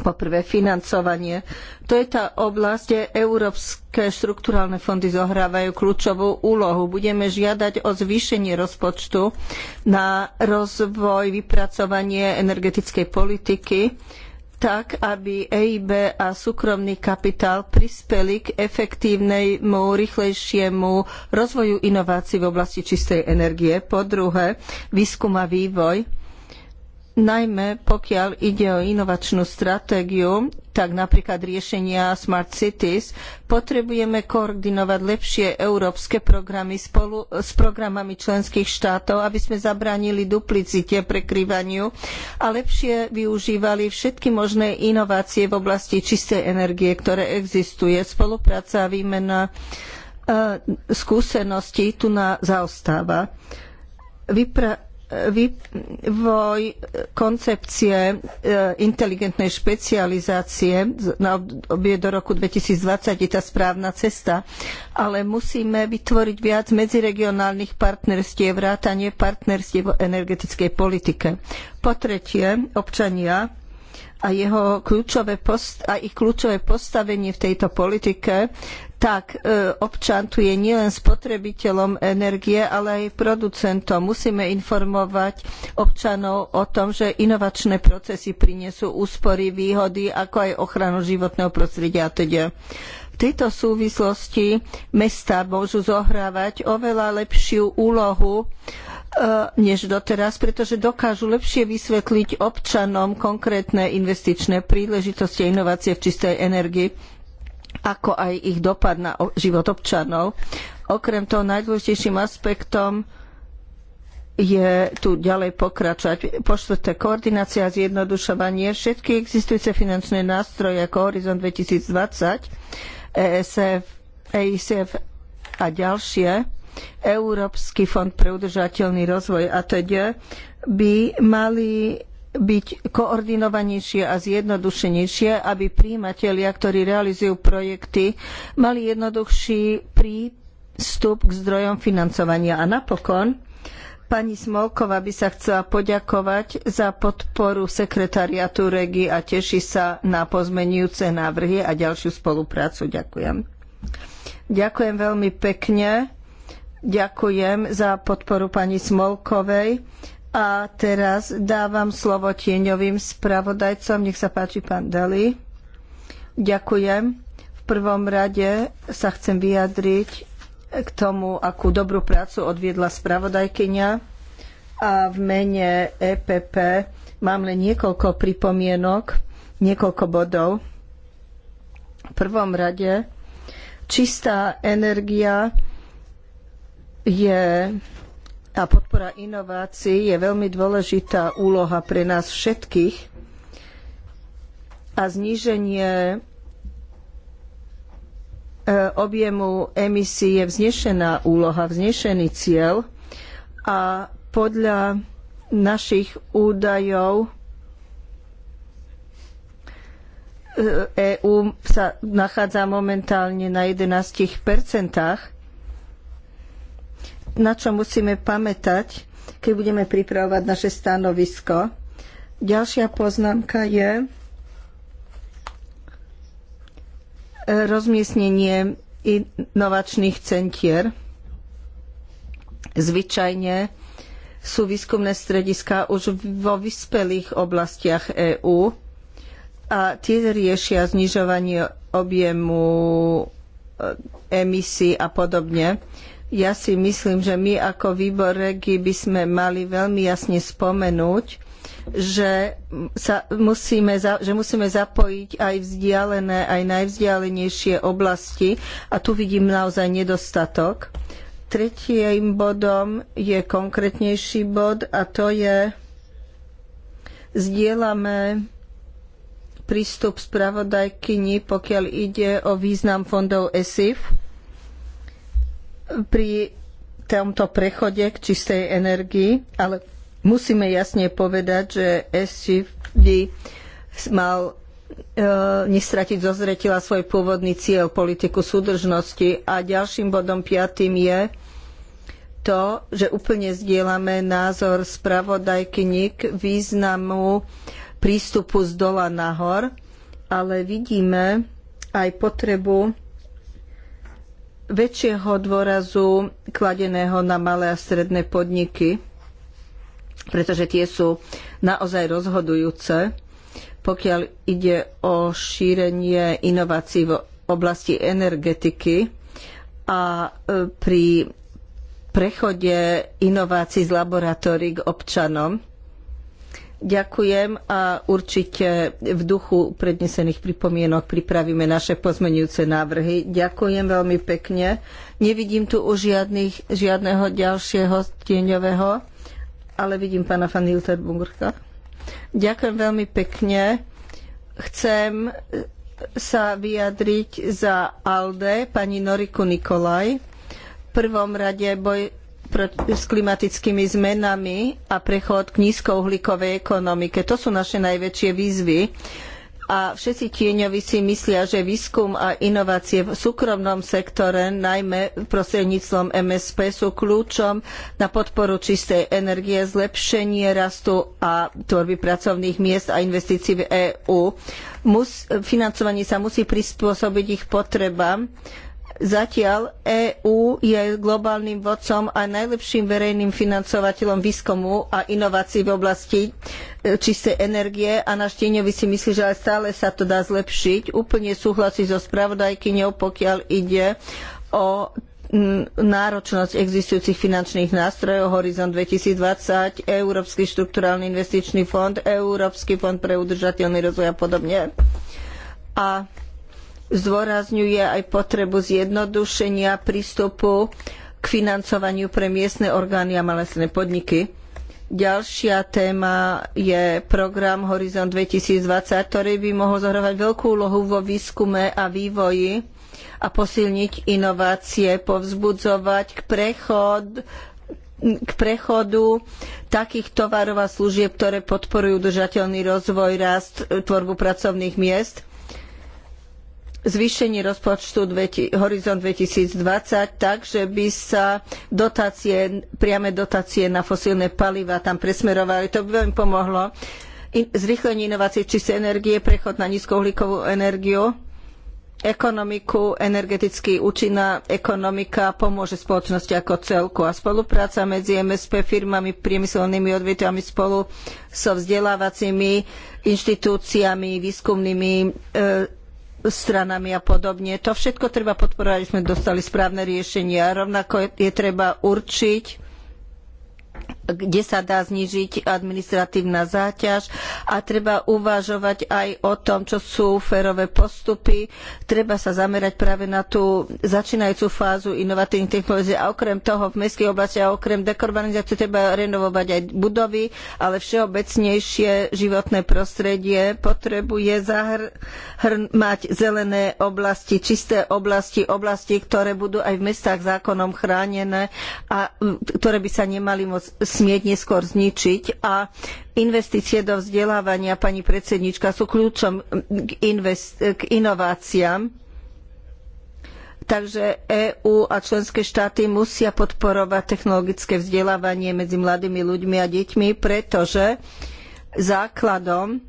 Poprvé financovanie. To je tá oblasť, kde európske štrukturálne fondy zohrávajú kľúčovú úlohu. Budeme žiadať o zvýšenie rozpočtu na rozvoj, vypracovanie energetickej politiky tak, aby EIB a súkromný kapitál prispeli k efektívnemu, rýchlejšiemu rozvoju inovácií v oblasti čistej energie. Po druhé, výskum a vývoj najmä pokiaľ ide o inovačnú stratégiu, tak napríklad riešenia Smart Cities, potrebujeme koordinovať lepšie európske programy spolu s programami členských štátov, aby sme zabránili duplicite, prekrývaniu a lepšie využívali všetky možné inovácie v oblasti čistej energie, ktoré existuje. Spolupráca a výmena e, skúseností tu na zaostáva. Vypra- vývoj koncepcie e, inteligentnej špecializácie na obdobie do roku 2020 je tá správna cesta, ale musíme vytvoriť viac medziregionálnych partnerstiev, vrátanie partnerstiev v energetickej politike. Po tretie, občania a, jeho kľúčové a ich kľúčové postavenie v tejto politike tak e, občan tu je nielen spotrebiteľom energie, ale aj producentom. Musíme informovať občanov o tom, že inovačné procesy prinesú úspory, výhody, ako aj ochranu životného prostredia teda. V tejto súvislosti mestá môžu zohrávať oveľa lepšiu úlohu e, než doteraz, pretože dokážu lepšie vysvetliť občanom konkrétne investičné príležitosti a inovácie v čistej energii ako aj ich dopad na život občanov. Okrem toho najdôležitejším aspektom je tu ďalej pokračovať. Po štvrté, koordinácia a zjednodušovanie. Všetky existujúce finančné nástroje ako Horizon 2020, ESF, EISF a ďalšie, Európsky fond pre udržateľný rozvoj a teda by mali byť koordinovanejšie a zjednodušenejšie, aby príjimatelia, ktorí realizujú projekty, mali jednoduchší prístup k zdrojom financovania. A napokon pani Smolková by sa chcela poďakovať za podporu sekretariatu REGI a teší sa na pozmenujúce návrhy a ďalšiu spoluprácu. Ďakujem. Ďakujem veľmi pekne. Ďakujem za podporu pani Smolkovej a teraz dávam slovo tieňovým spravodajcom. Nech sa páči, pán dali. Ďakujem. V prvom rade sa chcem vyjadriť k tomu, akú dobrú prácu odviedla spravodajkyňa. A v mene EPP mám len niekoľko pripomienok, niekoľko bodov. V prvom rade čistá energia je a podpora inovácií je veľmi dôležitá úloha pre nás všetkých a zníženie e, objemu emisí je vznešená úloha, vznešený cieľ a podľa našich údajov EÚ e sa nachádza momentálne na 11 percentách na čo musíme pamätať, keď budeme pripravovať naše stanovisko. Ďalšia poznámka je e, rozmiestnenie inovačných centier. Zvyčajne sú výskumné strediska už vo vyspelých oblastiach EÚ a tie riešia znižovanie objemu e, emisí a podobne. Ja si myslím, že my ako výbor regi by sme mali veľmi jasne spomenúť, že, sa musíme, že musíme zapojiť aj vzdialené, aj najvzdialenejšie oblasti a tu vidím naozaj nedostatok. Tretím bodom je konkrétnejší bod a to je zdieľame prístup spravodajkyni, pokiaľ ide o význam fondov ESIF pri tomto prechode k čistej energii, ale musíme jasne povedať, že SGD mal e, nestratiť zo zretila svoj pôvodný cieľ politiku súdržnosti. A ďalším bodom piatým je to, že úplne zdieľame názor spravodajkyni k významu prístupu z dola nahor, ale vidíme aj potrebu väčšieho dôrazu kladeného na malé a stredné podniky, pretože tie sú naozaj rozhodujúce, pokiaľ ide o šírenie inovácií v oblasti energetiky a e, pri prechode inovácií z laboratórií k občanom. Ďakujem a určite v duchu prednesených pripomienok pripravíme naše pozmenujúce návrhy. Ďakujem veľmi pekne. Nevidím tu už žiadnych, žiadneho ďalšieho tieňového, ale vidím pána van Hilterburga. Ďakujem veľmi pekne. Chcem sa vyjadriť za ALDE pani Noriku Nikolaj. V prvom rade boj s klimatickými zmenami a prechod k nízkouhlíkovej ekonomike. To sú naše najväčšie výzvy. A všetci tieňovi si myslia, že výskum a inovácie v súkromnom sektore, najmä prostredníctvom MSP, sú kľúčom na podporu čistej energie, zlepšenie rastu a tvorby pracovných miest a investícií v EÚ. Financovanie sa musí prispôsobiť ich potrebám Zatiaľ EÚ je globálnym vodcom a najlepším verejným financovateľom výskumu a inovácií v oblasti e, čistej energie a náš tieňový si myslí, že aj stále sa to dá zlepšiť. Úplne súhlasí so spravodajkyňou, pokiaľ ide o náročnosť existujúcich finančných nástrojov Horizont 2020, Európsky štrukturálny investičný fond, Európsky fond pre udržateľný rozvoj a podobne. A zdôrazňuje aj potrebu zjednodušenia prístupu k financovaniu pre miestne orgány a malé podniky. Ďalšia téma je program Horizont 2020, ktorý by mohol zohrávať veľkú úlohu vo výskume a vývoji a posilniť inovácie, povzbudzovať k, prechod, k prechodu takých tovarov a služieb, ktoré podporujú udržateľný rozvoj, rast, tvorbu pracovných miest zvýšení rozpočtu Horizont 2020 tak, že by sa dotácie, priame dotácie na fosílne paliva tam presmerovali. To by veľmi pomohlo. Zrýchlenie inovácií čistej energie, prechod na nízkouhlíkovú energiu, ekonomiku, energeticky účinná ekonomika pomôže spoločnosti ako celku a spolupráca medzi MSP firmami, priemyselnými odvetviami spolu so vzdelávacími inštitúciami, výskumnými e, stranami a podobne. To všetko treba podporovať, aby sme dostali správne riešenia. Rovnako je treba určiť, kde sa dá znížiť administratívna záťaž a treba uvažovať aj o tom, čo sú férové postupy. Treba sa zamerať práve na tú začínajúcu fázu inovatívnych technológií a okrem toho v mestských oblastiach okrem dekarbonizácie treba renovovať aj budovy, ale všeobecnejšie životné prostredie potrebuje zahrmať zelené oblasti, čisté oblasti, oblasti, ktoré budú aj v mestách zákonom chránené a ktoré by sa nemali môcť smieť neskôr zničiť a investície do vzdelávania, pani predsednička, sú kľúčom k inováciám. Takže EÚ a členské štáty musia podporovať technologické vzdelávanie medzi mladými ľuďmi a deťmi, pretože základom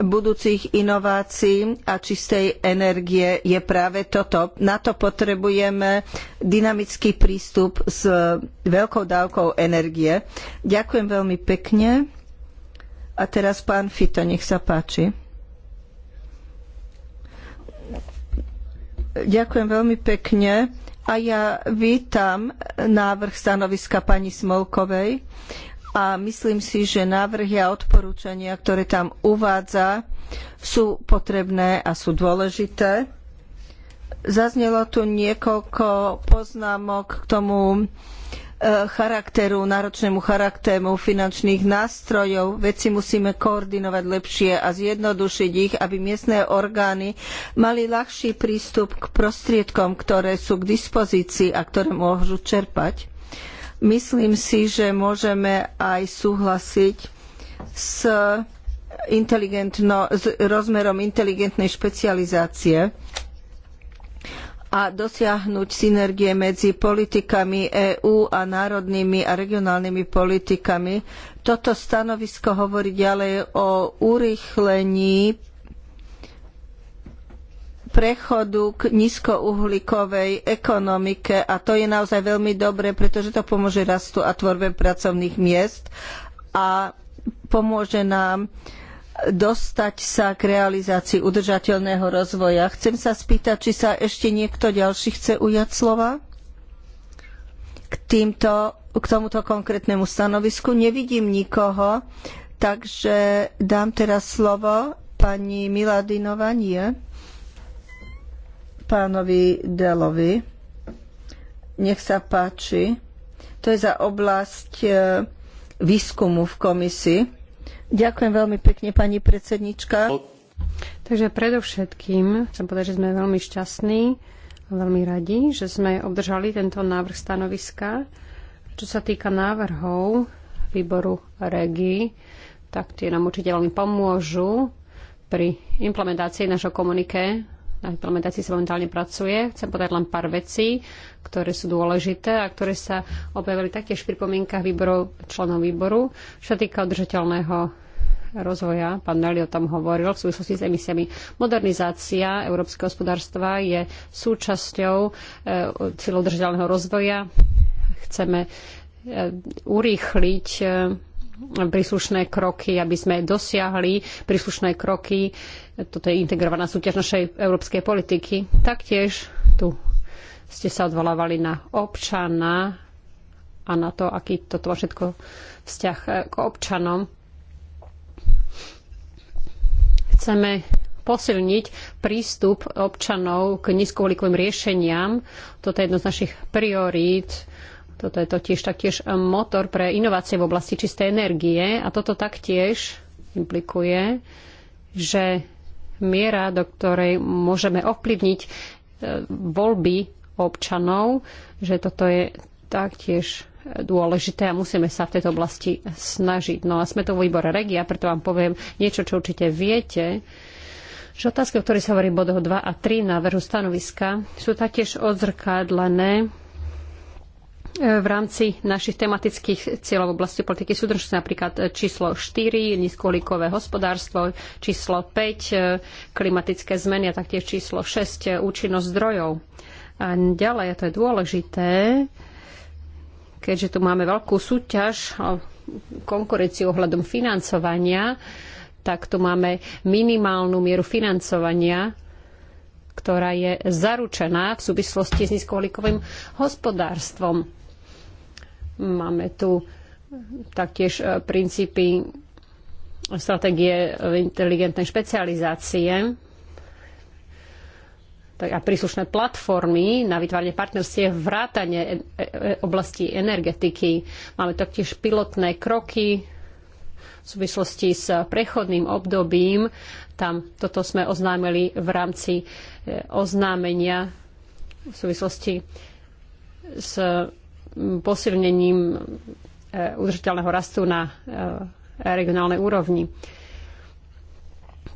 budúcich inovácií a čistej energie je práve toto. Na to potrebujeme dynamický prístup s veľkou dávkou energie. Ďakujem veľmi pekne. A teraz pán Fito, nech sa páči. Ďakujem veľmi pekne a ja vítam návrh stanoviska pani Smolkovej a myslím si, že návrhy a odporúčania, ktoré tam uvádza, sú potrebné a sú dôležité. Zaznelo tu niekoľko poznámok k tomu e, charakteru, náročnému charakteru finančných nástrojov. Veci musíme koordinovať lepšie a zjednodušiť ich, aby miestne orgány mali ľahší prístup k prostriedkom, ktoré sú k dispozícii a ktoré môžu čerpať Myslím si, že môžeme aj súhlasiť s, s rozmerom inteligentnej špecializácie a dosiahnuť synergie medzi politikami EÚ a národnými a regionálnymi politikami. Toto stanovisko hovorí ďalej o urýchlení prechodu k nízkouhlíkovej ekonomike a to je naozaj veľmi dobré, pretože to pomôže rastu a tvorbe pracovných miest a pomôže nám dostať sa k realizácii udržateľného rozvoja. Chcem sa spýtať, či sa ešte niekto ďalší chce ujať slova k, týmto, k tomuto konkrétnemu stanovisku. Nevidím nikoho, takže dám teraz slovo pani Miladinova. Nie pánovi Delovi. Nech sa páči. To je za oblasť e, výskumu v komisii. Ďakujem veľmi pekne, pani predsednička. Takže predovšetkým chcem povedať, že sme veľmi šťastní a veľmi radi, že sme obdržali tento návrh stanoviska. Čo sa týka návrhov výboru REGI, tak tie nám určite veľmi pomôžu pri implementácii našho komunike na implementácii sa momentálne pracuje. Chcem povedať len pár vecí, ktoré sú dôležité a ktoré sa objavili taktiež v pripomienkach výborov, členov výboru, čo sa týka udržateľného rozvoja. Pán Nelly o tom hovoril v súvislosti s emisiami. Modernizácia európskeho hospodárstva je súčasťou e, cieľov udržateľného rozvoja. Chceme e, urýchliť e, príslušné kroky, aby sme dosiahli príslušné kroky. Toto je integrovaná súťaž našej európskej politiky. Taktiež tu ste sa odvolávali na občana a na to, aký toto všetko vzťah k občanom. Chceme posilniť prístup občanov k nízkouhlíkovým riešeniam. Toto je jedno z našich priorít toto je totiž taktiež e, motor pre inovácie v oblasti čistej energie a toto taktiež implikuje, že miera, do ktorej môžeme ovplyvniť e, voľby občanov, že toto je taktiež e, dôležité a musíme sa v tejto oblasti snažiť. No a sme to v výbore regia, preto vám poviem niečo, čo určite viete, že otázky, o ktorých sa hovorí bodoch 2 a 3 na verhu stanoviska, sú taktiež odzrkadlené E, v rámci našich tematických cieľov v oblasti politiky súdržnosti, napríklad e, číslo 4, nízkoholíkové hospodárstvo, číslo 5, e, klimatické zmeny a taktiež číslo 6, účinnosť zdrojov. A ďalej, a to je dôležité, keďže tu máme veľkú súťaž o konkurenciu ohľadom financovania, tak tu máme minimálnu mieru financovania ktorá je zaručená v súvislosti s nízkoholikovým hospodárstvom. Máme tu taktiež e, princípy stratégie inteligentnej špecializácie a príslušné platformy na vytváranie partnerstiev vrátane e, e, oblasti energetiky. Máme taktiež pilotné kroky v súvislosti s prechodným obdobím. Tam toto sme oznámili v rámci oznámenia v súvislosti s posilnením eh, udržiteľného rastu na eh, regionálnej úrovni.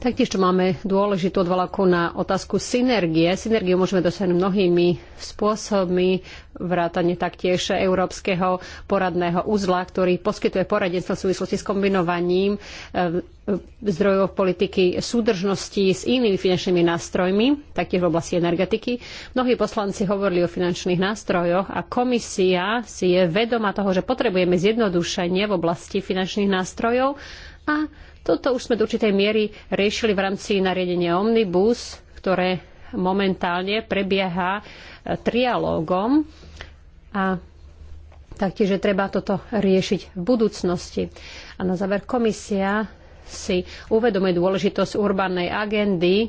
Taktiež tu máme dôležitú odvolaku na otázku synergie. Synergiu môžeme dosiahnuť mnohými spôsobmi, vrátane taktiež Európskeho poradného uzla, ktorý poskytuje poradenstvo v súvislosti s kombinovaním eh, zdrojov politiky súdržnosti s inými finančnými nástrojmi, taktiež v oblasti energetiky. Mnohí poslanci hovorili o finančných nástrojoch a komisia si je vedoma toho, že potrebujeme zjednodušenie v oblasti finančných nástrojov a toto už sme do určitej miery riešili v rámci nariadenia Omnibus, ktoré momentálne prebieha e, trialógom a taktiež je treba toto riešiť v budúcnosti. A na záver komisia si uvedomuje dôležitosť urbanej agendy e,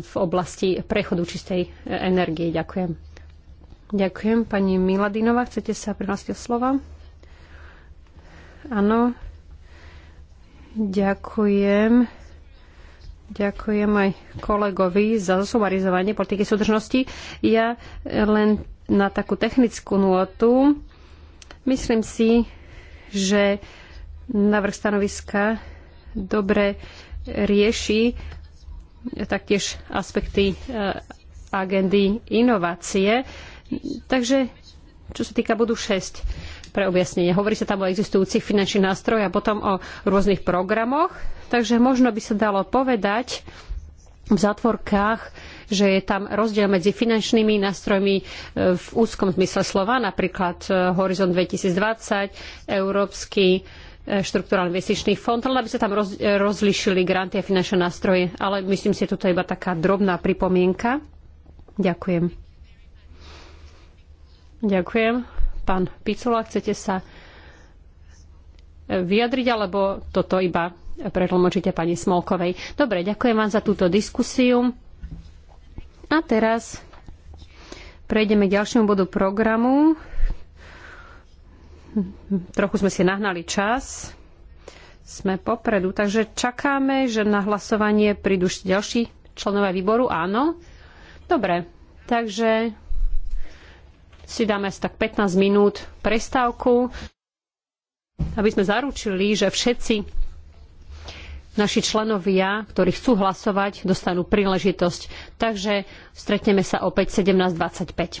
v oblasti prechodu čistej e, energie. Ďakujem. Ďakujem. Pani Miladinová, chcete sa prihlásiť o slova? Áno, Ďakujem. Ďakujem aj kolegovi za zosumarizovanie politiky súdržnosti. Ja len na takú technickú nôtu. Myslím si, že návrh stanoviska dobre rieši taktiež aspekty e, agendy inovácie. Takže čo sa týka bodu 6, pre objasnenie. Hovorí sa tam o existujúcich finančných nástrojoch a potom o rôznych programoch. Takže možno by sa dalo povedať v zatvorkách, že je tam rozdiel medzi finančnými nástrojmi e, v úzkom zmysle slova, napríklad e, Horizon 2020, Európsky e, štrukturálny investičný fond, ale aby sa tam roz, rozlišili granty a finančné nástroje. Ale myslím si, že toto je iba taká drobná pripomienka. Ďakujem. Ďakujem. Pán Picula, chcete sa vyjadriť, alebo toto iba pretlmočíte pani Smolkovej. Dobre, ďakujem vám za túto diskusiu. A teraz prejdeme k ďalšiemu bodu programu. Trochu sme si nahnali čas. Sme popredu, takže čakáme, že na hlasovanie prídu ďalší členové výboru. Áno. Dobre, takže si dáme asi tak 15 minút prestávku, aby sme zaručili, že všetci naši členovia, ktorí chcú hlasovať, dostanú príležitosť. Takže stretneme sa opäť 17.25.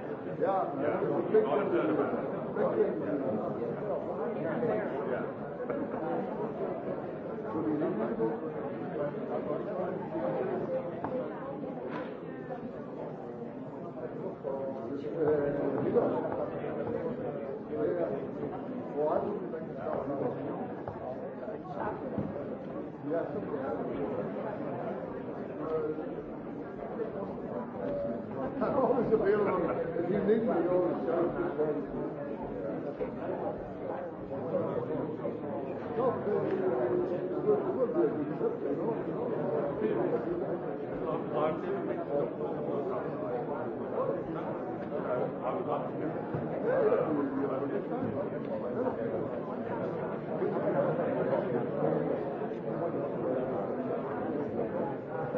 Yeah. Always available. You need me always. Thank you.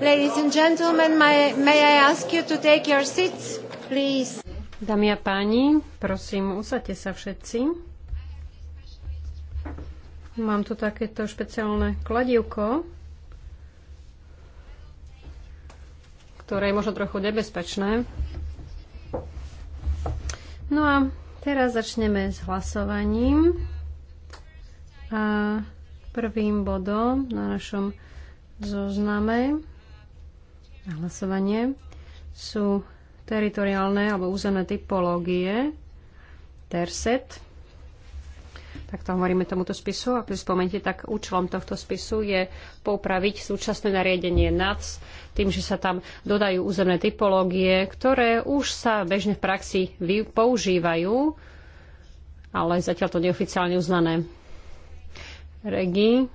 Ladies and gentlemen, may, may I ask you to take your seats, please? Dámy a páni, prosím, usadte sa všetci. Mám tu takéto špeciálne kladivko, ktoré je možno trochu nebezpečné. No a teraz začneme s hlasovaním. A prvým bodom na našom zozname na hlasovanie sú teritoriálne alebo územné typológie TERSET tak to hovoríme tomuto spisu. a si spomente, tak účelom tohto spisu je poupraviť súčasné nariadenie NAC tým, že sa tam dodajú územné typológie, ktoré už sa bežne v praxi používajú, ale zatiaľ to neoficiálne uznané. Regi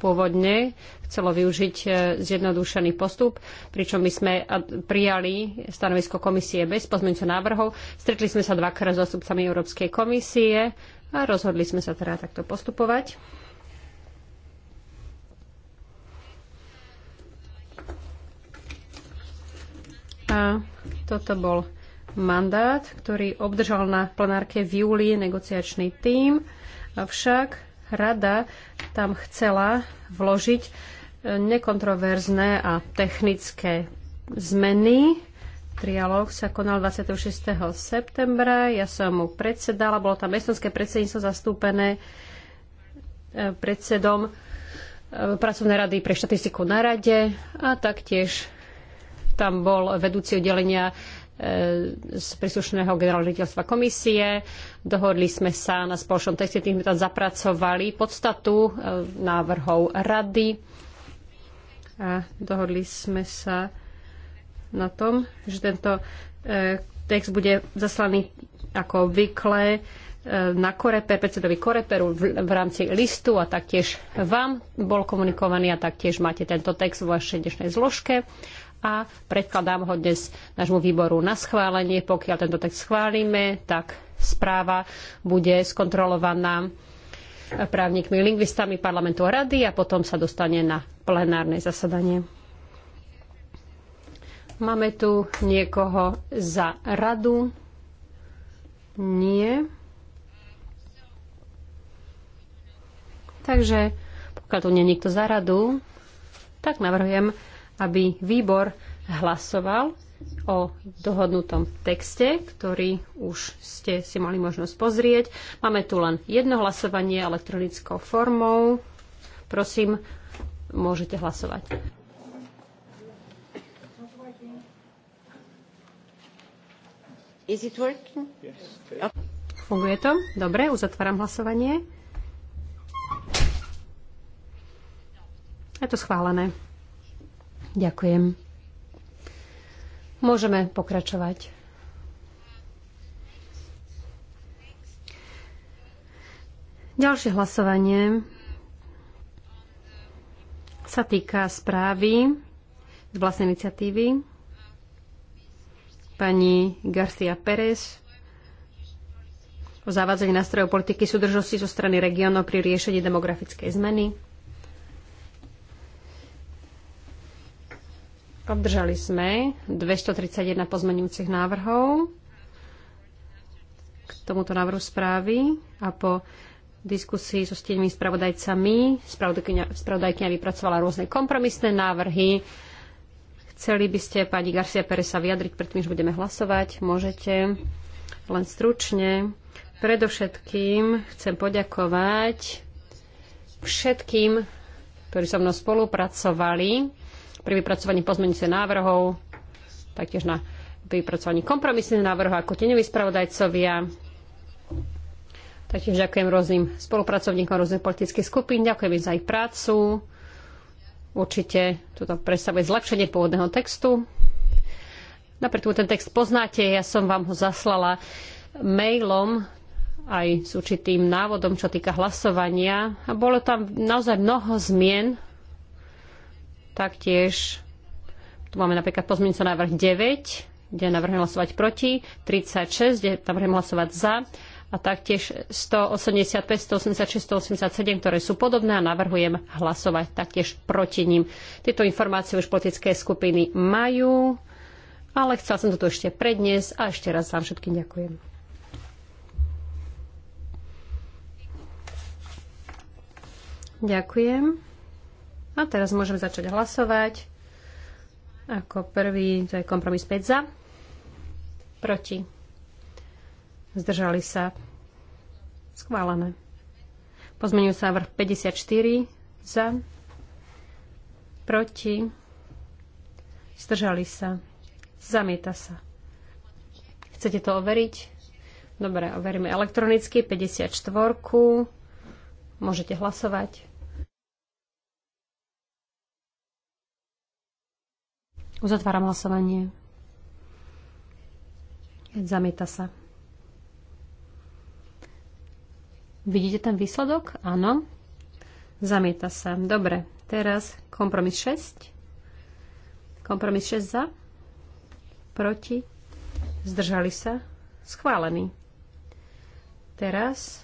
pôvodne chcelo využiť e, zjednodušený postup, pričom my sme prijali stanovisko komisie bez pozmeňujúceho návrhov. Stretli sme sa dvakrát s zástupcami Európskej komisie a rozhodli sme sa teda takto postupovať. A toto bol mandát, ktorý obdržal na plenárke v júli negociačný tím. Avšak rada tam chcela vložiť nekontroverzné a technické zmeny Trialóg sa konal 26. septembra, ja som mu predsedala, bolo tam estonské predsedníctvo zastúpené e, predsedom e, pracovnej rady pre štatistiku na rade a taktiež tam bol vedúci oddelenia e, z príslušného generálneho komisie. Dohodli sme sa na spoločnom texte, tým sme tam zapracovali podstatu návrhov rady a dohodli sme sa na tom, že tento e, text bude zaslaný ako obvykle e, na Koreper, predsedovi Koreperu v rámci listu a taktiež vám bol komunikovaný a taktiež máte tento text vo vašej dnešnej zložke a predkladám ho dnes nášmu výboru na schválenie. Pokiaľ tento text schválime, tak správa bude skontrolovaná právnikmi, lingvistami parlamentu a rady a potom sa dostane na plenárne zasadanie. Máme tu niekoho za radu? Nie. Takže pokiaľ tu nie je niekto za radu, tak navrhujem, aby výbor hlasoval o dohodnutom texte, ktorý už ste si mali možnosť pozrieť. Máme tu len jedno hlasovanie elektronickou formou. Prosím, môžete hlasovať. Is it working? Yes. Okay. Funguje to? Dobre, uzatváram hlasovanie. Je to schválené. Ďakujem. Môžeme pokračovať. Ďalšie hlasovanie sa týka správy z vlastnej iniciatívy pani Garcia Pérez o zavádzaní nástrojov politiky súdržnosti zo strany regiónov pri riešení demografickej zmeny. Obdržali sme 231 pozmenujúcich návrhov k tomuto návrhu správy a po diskusii so stieňmi spravodajcami spravodajkňa vypracovala rôzne kompromisné návrhy, Chceli by ste, pani Garcia Peresa sa vyjadriť, predtým, než budeme hlasovať. Môžete len stručne. Predovšetkým chcem poďakovať všetkým, ktorí so mnou spolupracovali pri vypracovaní pozmenice návrhov, taktiež na vypracovaní kompromisných návrhov ako teneví spravodajcovia. Taktiež ďakujem rôznym spolupracovníkom rôznych politických skupín, ďakujem im za ich prácu. Určite toto predstavuje zlepšenie pôvodného textu. Napriek ten text poznáte, ja som vám ho zaslala mailom aj s určitým návodom, čo týka hlasovania. A bolo tam naozaj mnoho zmien. Taktiež tu máme napríklad pozmienco návrh 9, kde navrhujem hlasovať proti, 36, kde navrhujem hlasovať za a taktiež 185, 186, 187, ktoré sú podobné a navrhujem hlasovať taktiež proti ním. Tieto informácie už politické skupiny majú, ale chcel som toto ešte predniesť a ešte raz vám všetkým ďakujem. Ďakujem. A teraz môžeme začať hlasovať. Ako prvý, to je kompromis 5 za. Proti zdržali sa, schválené. Pozmeňujú sa vrch 54 za, proti, zdržali sa, zamieta sa. Chcete to overiť? Dobre, overíme elektronicky 54. Môžete hlasovať. Uzatváram hlasovanie. Zamieta sa. Vidíte ten výsledok? Áno. Zamieta sa. Dobre. Teraz kompromis 6. Kompromis 6 za. Proti. Zdržali sa. Schválený. Teraz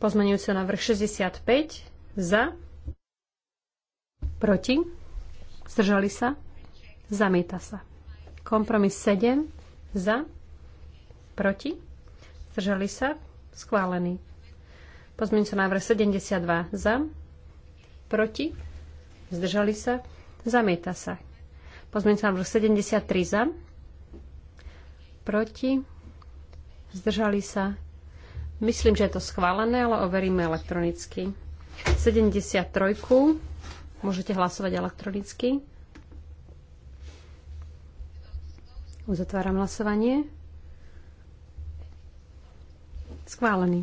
pozmenujúce vrch 65 za. Proti. Zdržali sa. Zamieta sa. Kompromis 7 za. Proti. Zdržali sa. Schválený. Pozmeňujúci návrh 72 za. Proti. Zdržali sa. Zamieta sa. Pozmeňujúci návrh 73 za. Proti. Zdržali sa. Myslím, že je to schválené, ale overíme elektronicky. 73. Môžete hlasovať elektronicky. Uzatváram hlasovanie. Schválený.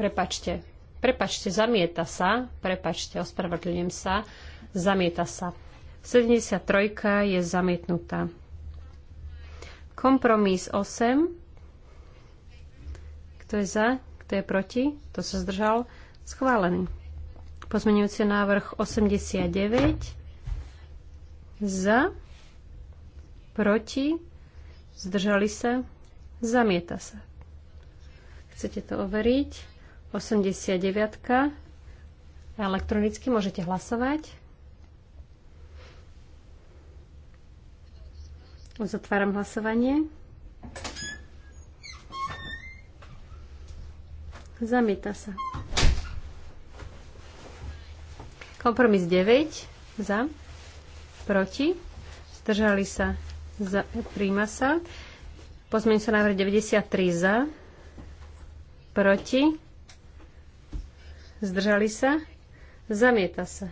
Prepačte. Prepačte, zamieta sa. Prepačte, ospravedlňujem sa. Zamieta sa. 73 je zamietnutá. Kompromis 8. Kto je za? Kto je proti? Kto sa zdržal? Schválený. Pozmeňujúci návrh 89. Za. Proti. Zdržali sa. Zamieta sa. Chcete to overiť? 89. Elektronicky môžete hlasovať. Uzatváram hlasovanie. Zamieta sa. Kompromis 9. Za. Proti. Zdržali sa. Za, príjma sa sa návrh 93 za, proti, zdržali sa, zamieta sa.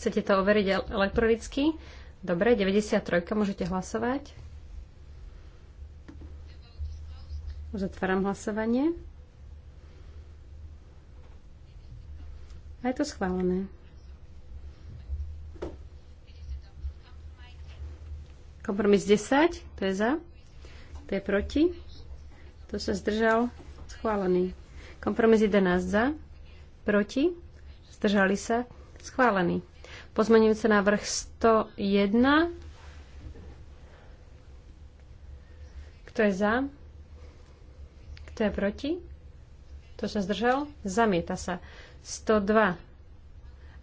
Chcete to overiť elektronicky? Dobre, 93, môžete hlasovať. Zatváram hlasovanie. A je to schválené. Kompromis 10, to je za. To je proti. To sa zdržal. Schválený. Kompromis 11 za. Proti. Zdržali sa. Schválený. Pozmenujúce návrh 101. Kto je za? Kto je proti? Kto sa zdržal? Zamieta sa. 102.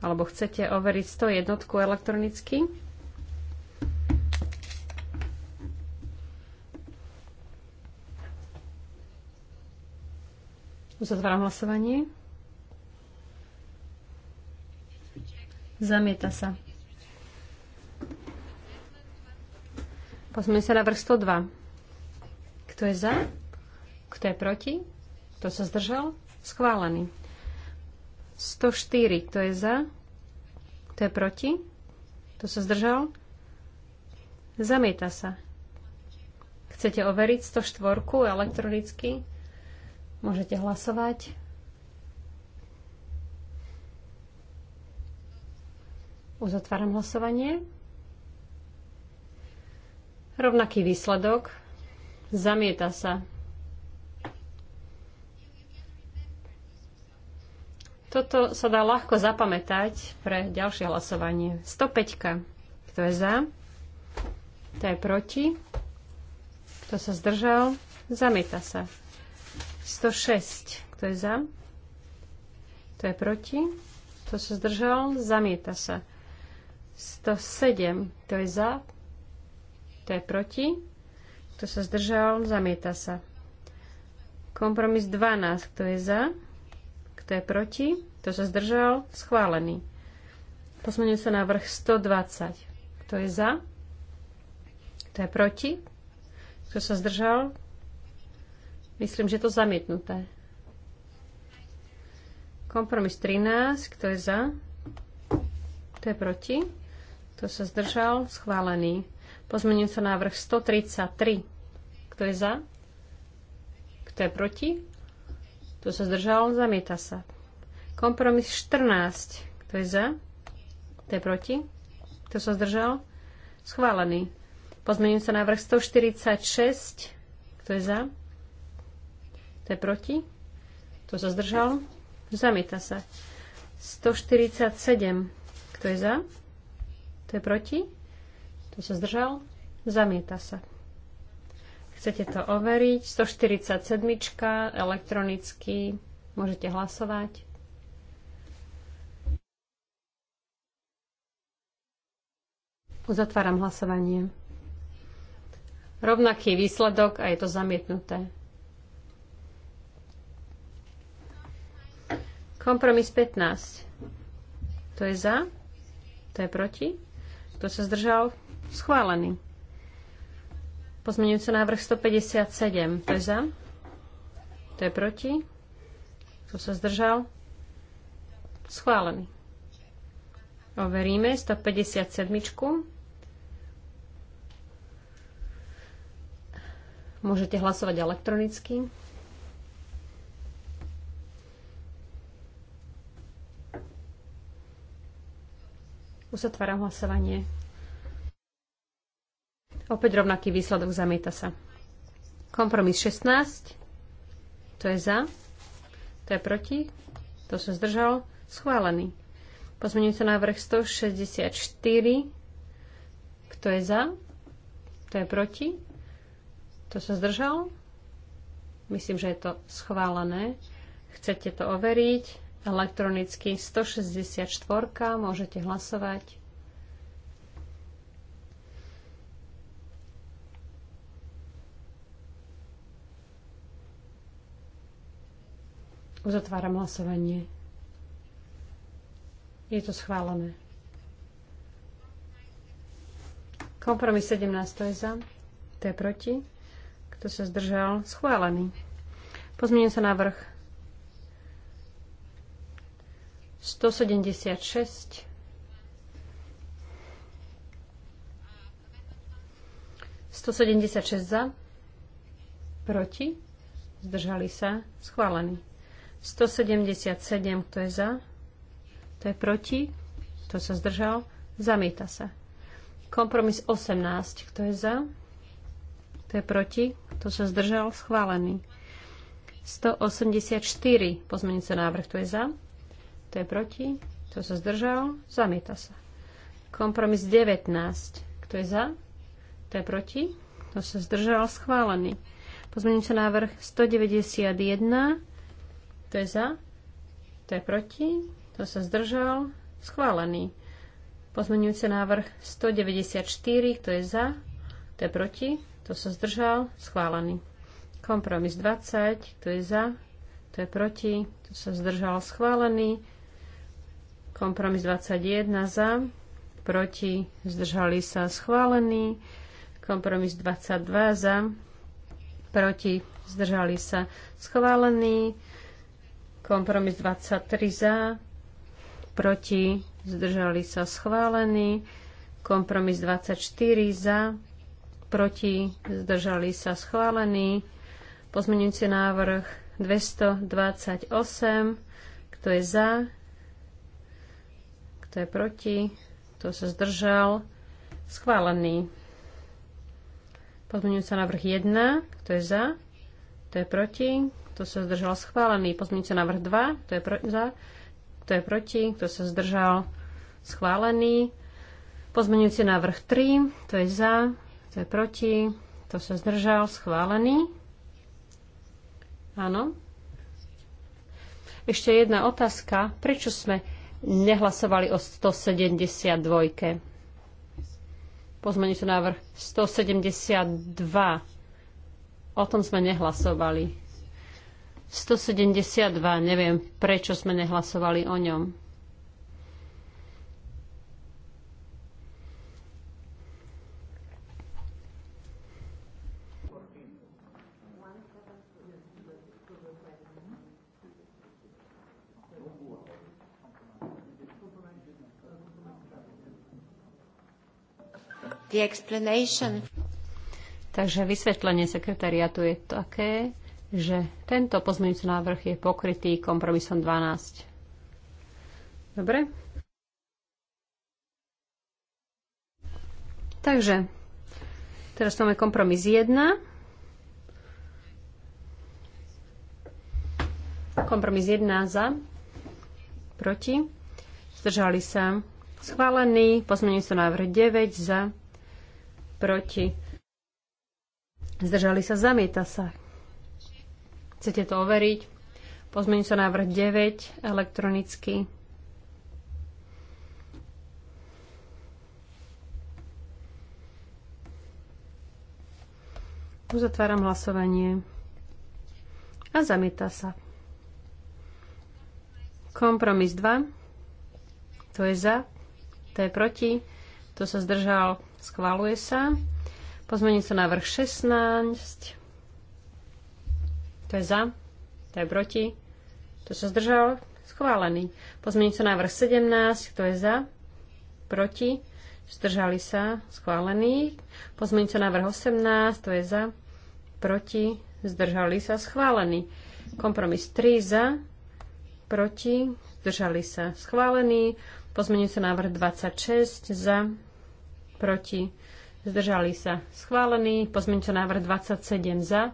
Alebo chcete overiť 101 elektronicky? Uzatváram hlasovanie. Zamieta sa. Pozme sa na vrch 102. Kto je za? Kto je proti? Kto sa zdržal? Schválený. 104. Kto je za? Kto je proti? Kto sa zdržal? Zamieta sa. Chcete overiť 104 elektronicky? Môžete hlasovať. Uzatváram hlasovanie. Rovnaký výsledok. Zamieta sa. Toto sa dá ľahko zapamätať pre ďalšie hlasovanie. 105. Kto je za? Kto je proti? Kto sa zdržal? Zamieta sa. 106. Kto je za? Kto je proti? Kto sa zdržal? Zamieta sa. 107. Kto je za? Kto je proti? Kto sa zdržal? Zamieta sa. Kompromis 12. Kto je za? Kto je proti? Kto sa zdržal? Schválený. Posmenil sa návrh 120. Kto je za? Kto je proti? Kto sa zdržal? Myslím, že to zamietnuté. Kompromis 13, kto je za? Kto je proti? Kto sa zdržal? Schválený. Pozmením sa návrh 133. Kto je za? Kto je proti? Kto sa zdržal? Zamieta sa. Kompromis 14. Kto je za? Kto je proti? Kto sa zdržal? Schválený. Pozmením sa návrh 146. Kto je za? To je proti. To sa zdržal? Zamieta sa. 147. Kto je za? To je proti. Kto sa zdržal? Zamieta sa. Chcete to overiť? 147. Elektronicky. Môžete hlasovať. Uzatváram hlasovanie. Rovnaký výsledok a je to zamietnuté. Kompromis 15. To je za, to je proti, kto sa zdržal, schválený. Pozmeňujúce návrh 157. To je za, to je proti, kto sa zdržal, schválený. Overíme 157. Môžete hlasovať elektronicky. Uzatváram hlasovanie. Opäť rovnaký výsledok, zamieta sa. Kompromis 16. To je za. To je proti. To sa zdržal. Schválený. Pozmením sa návrh 164. Kto je za? Kto je proti? Kto sa zdržal? Myslím, že je to schválené. Chcete to overiť? elektronicky 164, môžete hlasovať. Uzatváram hlasovanie. Je to schválené. Kompromis 17 to je za, to je proti. Kto sa zdržal? Schválený. Pozmením sa návrh 176, 176 za, proti, zdržali sa, schválený. 177, kto je za, kto je proti, kto sa zdržal, zamieta sa. Kompromis 18, kto je za, kto je proti, kto sa zdržal, schválený. 184, pozmeňujúci návrh, kto je za, kto je proti? Kto sa zdržal? Zamieta sa. Kompromis 19. Kto je za? Kto je proti? Kto sa zdržal? Schválený. sa návrh 191. Kto je za? Kto je proti? Kto sa zdržal? Schválený. Pozmeňujúci návrh 194. Kto je za? Kto je proti? Kto sa zdržal? Schválený. Kompromis 20. Kto je za? Kto je proti? Kto sa zdržal? Schválený. Kompromis 21 za, proti, zdržali sa schválený. Kompromis 22 za, proti, zdržali sa schválený. Kompromis 23 za, proti, zdržali sa schválený. Kompromis 24 za, proti, zdržali sa schválený. Pozmeňujúci návrh 228, kto je za, kto je proti? Kto sa zdržal? Schválený. Pozmeňujúca návrh 1. Kto je za? Kto je proti? Kto sa zdržal? Schválený. Pozmeňujúca návrh 2. Kto je za? Kto je proti? Kto sa zdržal? Schválený. Pozmeňujúci návrh 3. Kto je za? Kto je proti? Kto sa zdržal? Schválený. Áno. Ešte jedna otázka. Prečo sme nehlasovali o 172. to návrh 172. O tom sme nehlasovali. 172, neviem, prečo sme nehlasovali o ňom. The explanation... Takže vysvetlenie sekretariatu je také, že tento pozmeňujúci návrh je pokrytý kompromisom 12. Dobre? Takže, teraz máme kompromis 1. Kompromis 1 za, proti, zdržali sa, schválený, pozmeňujúci návrh 9 za, proti, zdržali sa, zamieta sa. Chcete to overiť? Pozmeň sa návrh 9 elektronicky. Uzatváram hlasovanie. A zamieta sa. Kompromis 2. To je za, to je proti, to sa zdržal, Schváluje sa. Pozmeniť sa návrh 16. To je za. To je proti. To sa zdržal. Schválený. Pozmeniť sa návrh 17. to je za? Proti. Zdržali sa. Schválený. Pozmeniť sa návrh 18. To je za. Proti. Zdržali sa. Schválený. Kompromis 3 za. Proti. Zdržali sa. Schválený. Pozmeniť sa návrh 26. Za proti, zdržali sa schválený. Pozmeňte návrh 27 za,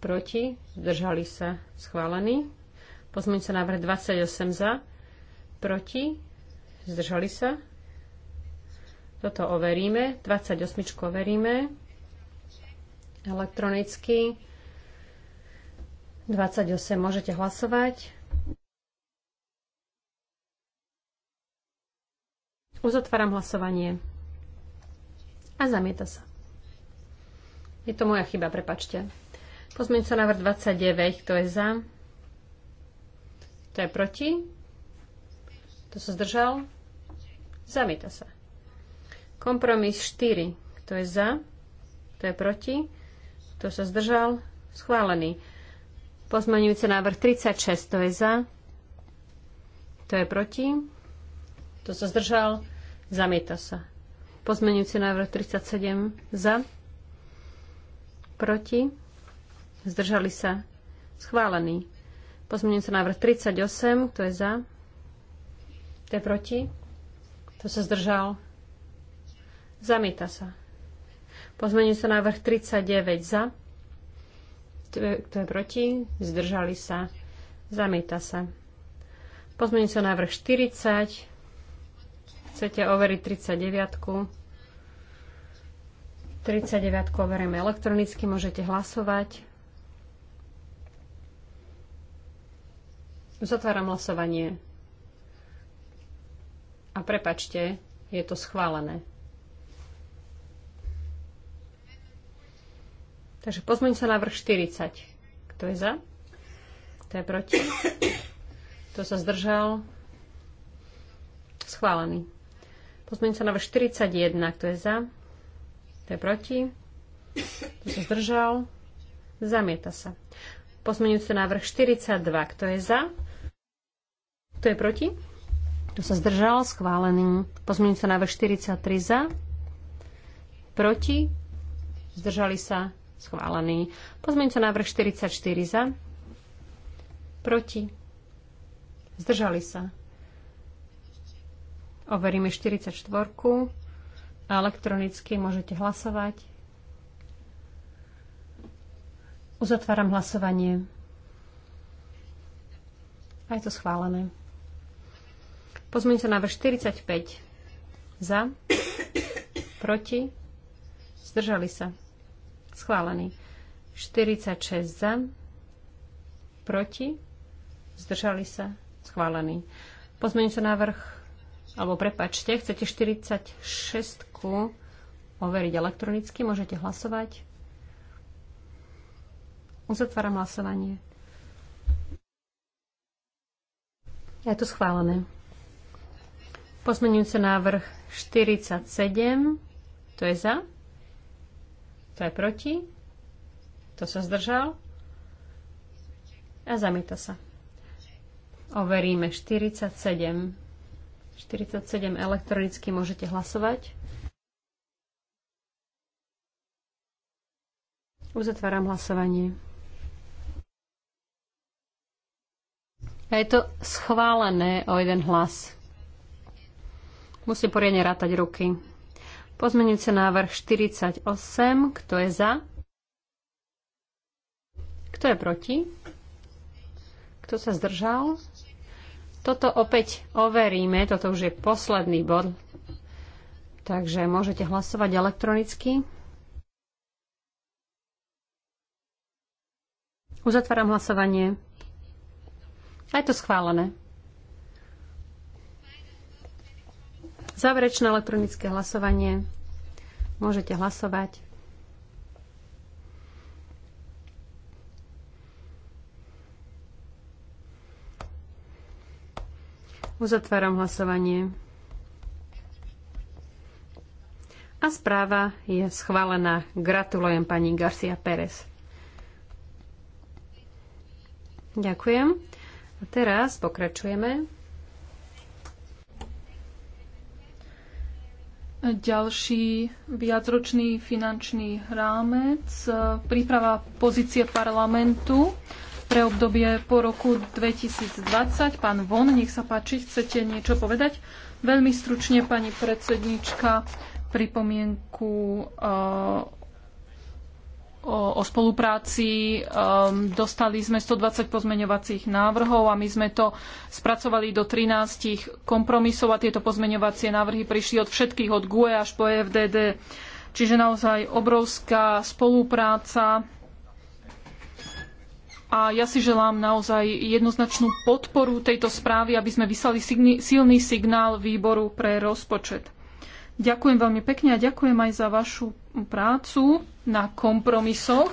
proti, zdržali sa schválený. Pozmeňte návrh 28 za, proti, zdržali sa. Toto overíme, 28 overíme elektronicky. 28 môžete hlasovať. Uzatváram hlasovanie. A zamieta sa. Je to moja chyba, prepačte. Pozmeňujúci návrh 29, kto je za? Kto je proti? Kto sa zdržal? Zamieta sa. Kompromis 4. Kto je za? Kto je proti? Kto sa zdržal? Schválený. Pozmeňujúci návrh 36. Kto je za? Kto je proti? Kto sa zdržal? Zamieta sa. Pozmenujúci návrh 37 za, proti, zdržali sa, schválený. Pozmenujúci návrh 38, kto je za, kto je proti, kto sa zdržal, zamieta sa. Pozmenujúci návrh 39 za, kto je proti, zdržali sa, zamieta sa. Pozmenujúci návrh 40 Chcete overiť 39. 39 overíme elektronicky, môžete hlasovať. Zatváram hlasovanie. A prepačte, je to schválené. Takže pozmeň sa vrch 40. Kto je za? Kto je proti? Kto sa zdržal? Schválený. Pozmeňujúca návrh 41, kto je za? Kto je proti? Kto sa zdržal? Zamieta sa. Pozmeňujúci návrh 42, kto je za? Kto je proti? Kto sa zdržal? Schválený. Pozmeňujúci návrh 43 za? Proti? Zdržali sa? Schválený. Pozmeňujúci návrh 44 za? Proti? Zdržali sa? Overíme 44 a elektronicky môžete hlasovať. Uzatváram hlasovanie. A je to schválené. Pozmeňte návrh 45. Za. Proti. Zdržali sa. Schválený. 46 za. Proti. Zdržali sa. Schválený. Pozmeňte návrh alebo prepačte, chcete 46 overiť elektronicky, môžete hlasovať. Uzatváram hlasovanie. Je to schválené. sa návrh 47. To je za. To je proti. To sa zdržal. A zamieta sa. Overíme 47. 47 elektronicky môžete hlasovať. Uzatváram hlasovanie. A je to schválené o jeden hlas. Musím poriadne rátať ruky. sa návrh 48. Kto je za? Kto je proti? Kto sa zdržal? Toto opäť overíme, toto už je posledný bod, takže môžete hlasovať elektronicky. Uzatváram hlasovanie. A je to schválené. Záverečné elektronické hlasovanie. Môžete hlasovať. Uzatváram hlasovanie. A správa je schválená. Gratulujem pani Garcia Pérez. Ďakujem. A teraz pokračujeme. Ďalší viacročný finančný rámec, príprava pozície parlamentu pre obdobie po roku 2020. Pán Von, nech sa páči, chcete niečo povedať? Veľmi stručne, pani predsednička, pripomienku uh, o, o spolupráci. Um, dostali sme 120 pozmeňovacích návrhov a my sme to spracovali do 13 kompromisov a tieto pozmeňovacie návrhy prišli od všetkých, od GUE až po e FDD. Čiže naozaj obrovská spolupráca a ja si želám naozaj jednoznačnú podporu tejto správy, aby sme vyslali silný signál výboru pre rozpočet. Ďakujem veľmi pekne a ďakujem aj za vašu prácu na kompromisoch.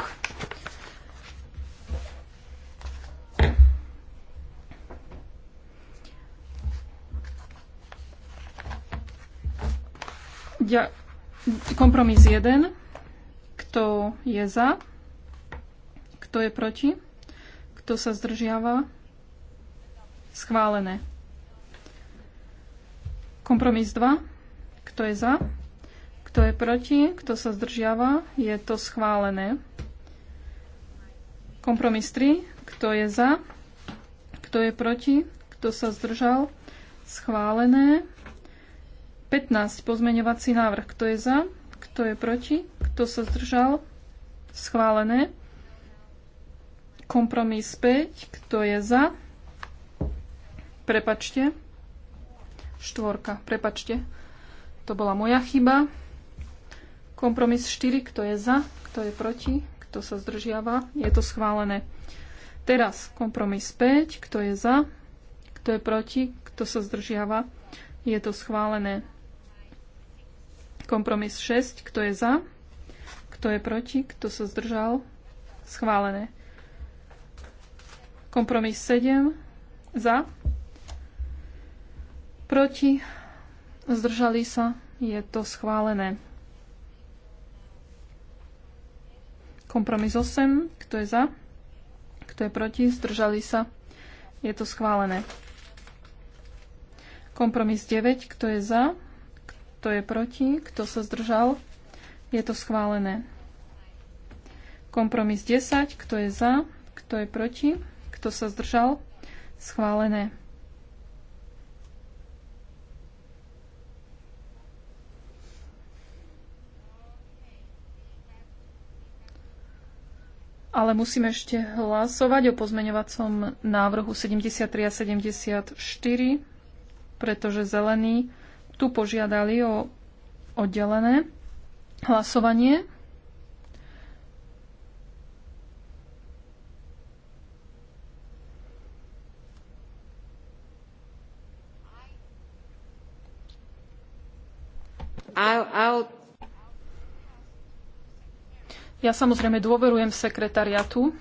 kompromis 1. Kto je za? Kto je proti? Kto sa zdržiava? Schválené. Kompromis 2. Kto je za? Kto je proti? Kto sa zdržiava? Je to schválené. Kompromis 3. Kto je za? Kto je proti? Kto sa zdržal? Schválené. 15. Pozmeňovací návrh. Kto je za? Kto je proti? Kto sa zdržal? Schválené. Kompromis 5. Kto je za? Prepačte. Štvorka. Prepačte. To bola moja chyba. Kompromis 4. Kto je za? Kto je proti? Kto sa zdržiava? Je to schválené. Teraz kompromis 5. Kto je za? Kto je proti? Kto sa zdržiava? Je to schválené. Kompromis 6. Kto je za? Kto je proti? Kto sa zdržal? Schválené. Kompromis 7 za. Proti. Zdržali sa. Je to schválené. Kompromis 8. Kto je za? Kto je proti? Zdržali sa. Je to schválené. Kompromis 9. Kto je za? Kto je proti? Kto sa zdržal? Je to schválené. Kompromis 10. Kto je za? Kto je proti? Kto sa zdržal? Schválené. ale musíme ešte hlasovať o pozmeňovacom návrhu 73 a 74, pretože zelení tu požiadali o oddelené hlasovanie. Ja samozrejme dôverujem sekretariatu.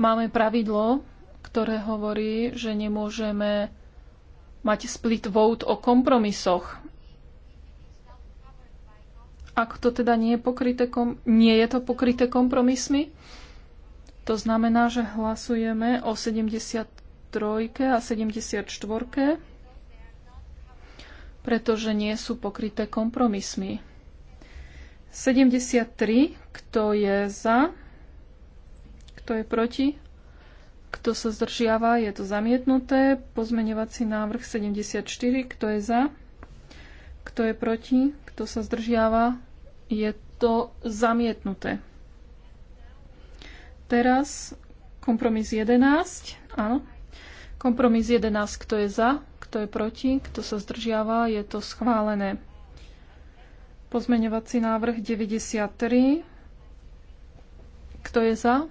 Máme pravidlo, ktoré hovorí, že nemôžeme mať split vote o kompromisoch. Ak to teda nie je, pokryté kom- nie je to pokryté kompromismi, to znamená, že hlasujeme o 73 a 74 pretože nie sú pokryté kompromismi. 73, kto je za, kto je proti, kto sa zdržiava, je to zamietnuté. Pozmeňovací návrh 74, kto je za, kto je proti, kto sa zdržiava, je to zamietnuté. Teraz kompromis 11, áno. Kompromis 11, kto je za, kto je proti? Kto sa zdržiava? Je to schválené. Pozmeňovací návrh 93. Kto je za?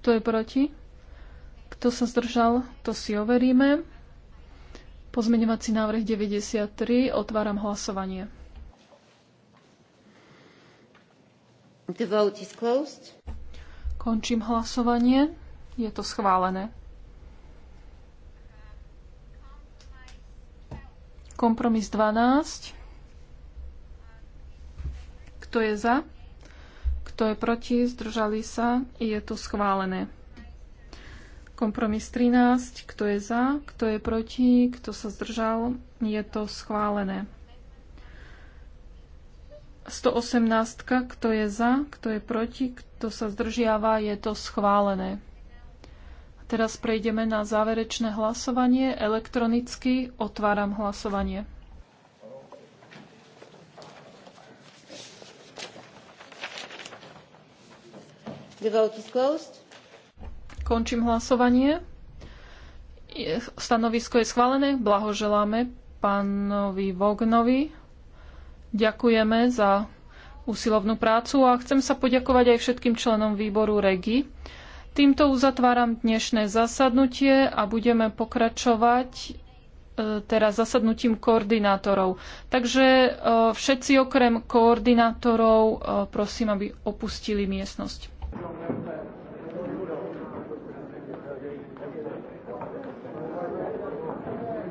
Kto je proti? Kto sa zdržal? To si overíme. Pozmeňovací návrh 93. Otváram hlasovanie. The vote is closed. Končím hlasovanie. Je to schválené. Kompromis 12. Kto je za? Kto je proti? Zdržali sa? Je to schválené. Kompromis 13. Kto je za? Kto je proti? Kto sa zdržal? Je to schválené. 118. Kto je za? Kto je proti? Kto sa zdržiava? Je to schválené. Teraz prejdeme na záverečné hlasovanie. Elektronicky otváram hlasovanie. The vote is closed. Končím hlasovanie. Stanovisko je schválené. Blahoželáme pánovi Vognovi. Ďakujeme za usilovnú prácu a chcem sa poďakovať aj všetkým členom výboru REGI Týmto uzatváram dnešné zasadnutie a budeme pokračovať e, teraz zasadnutím koordinátorov. Takže e, všetci okrem koordinátorov e, prosím, aby opustili miestnosť.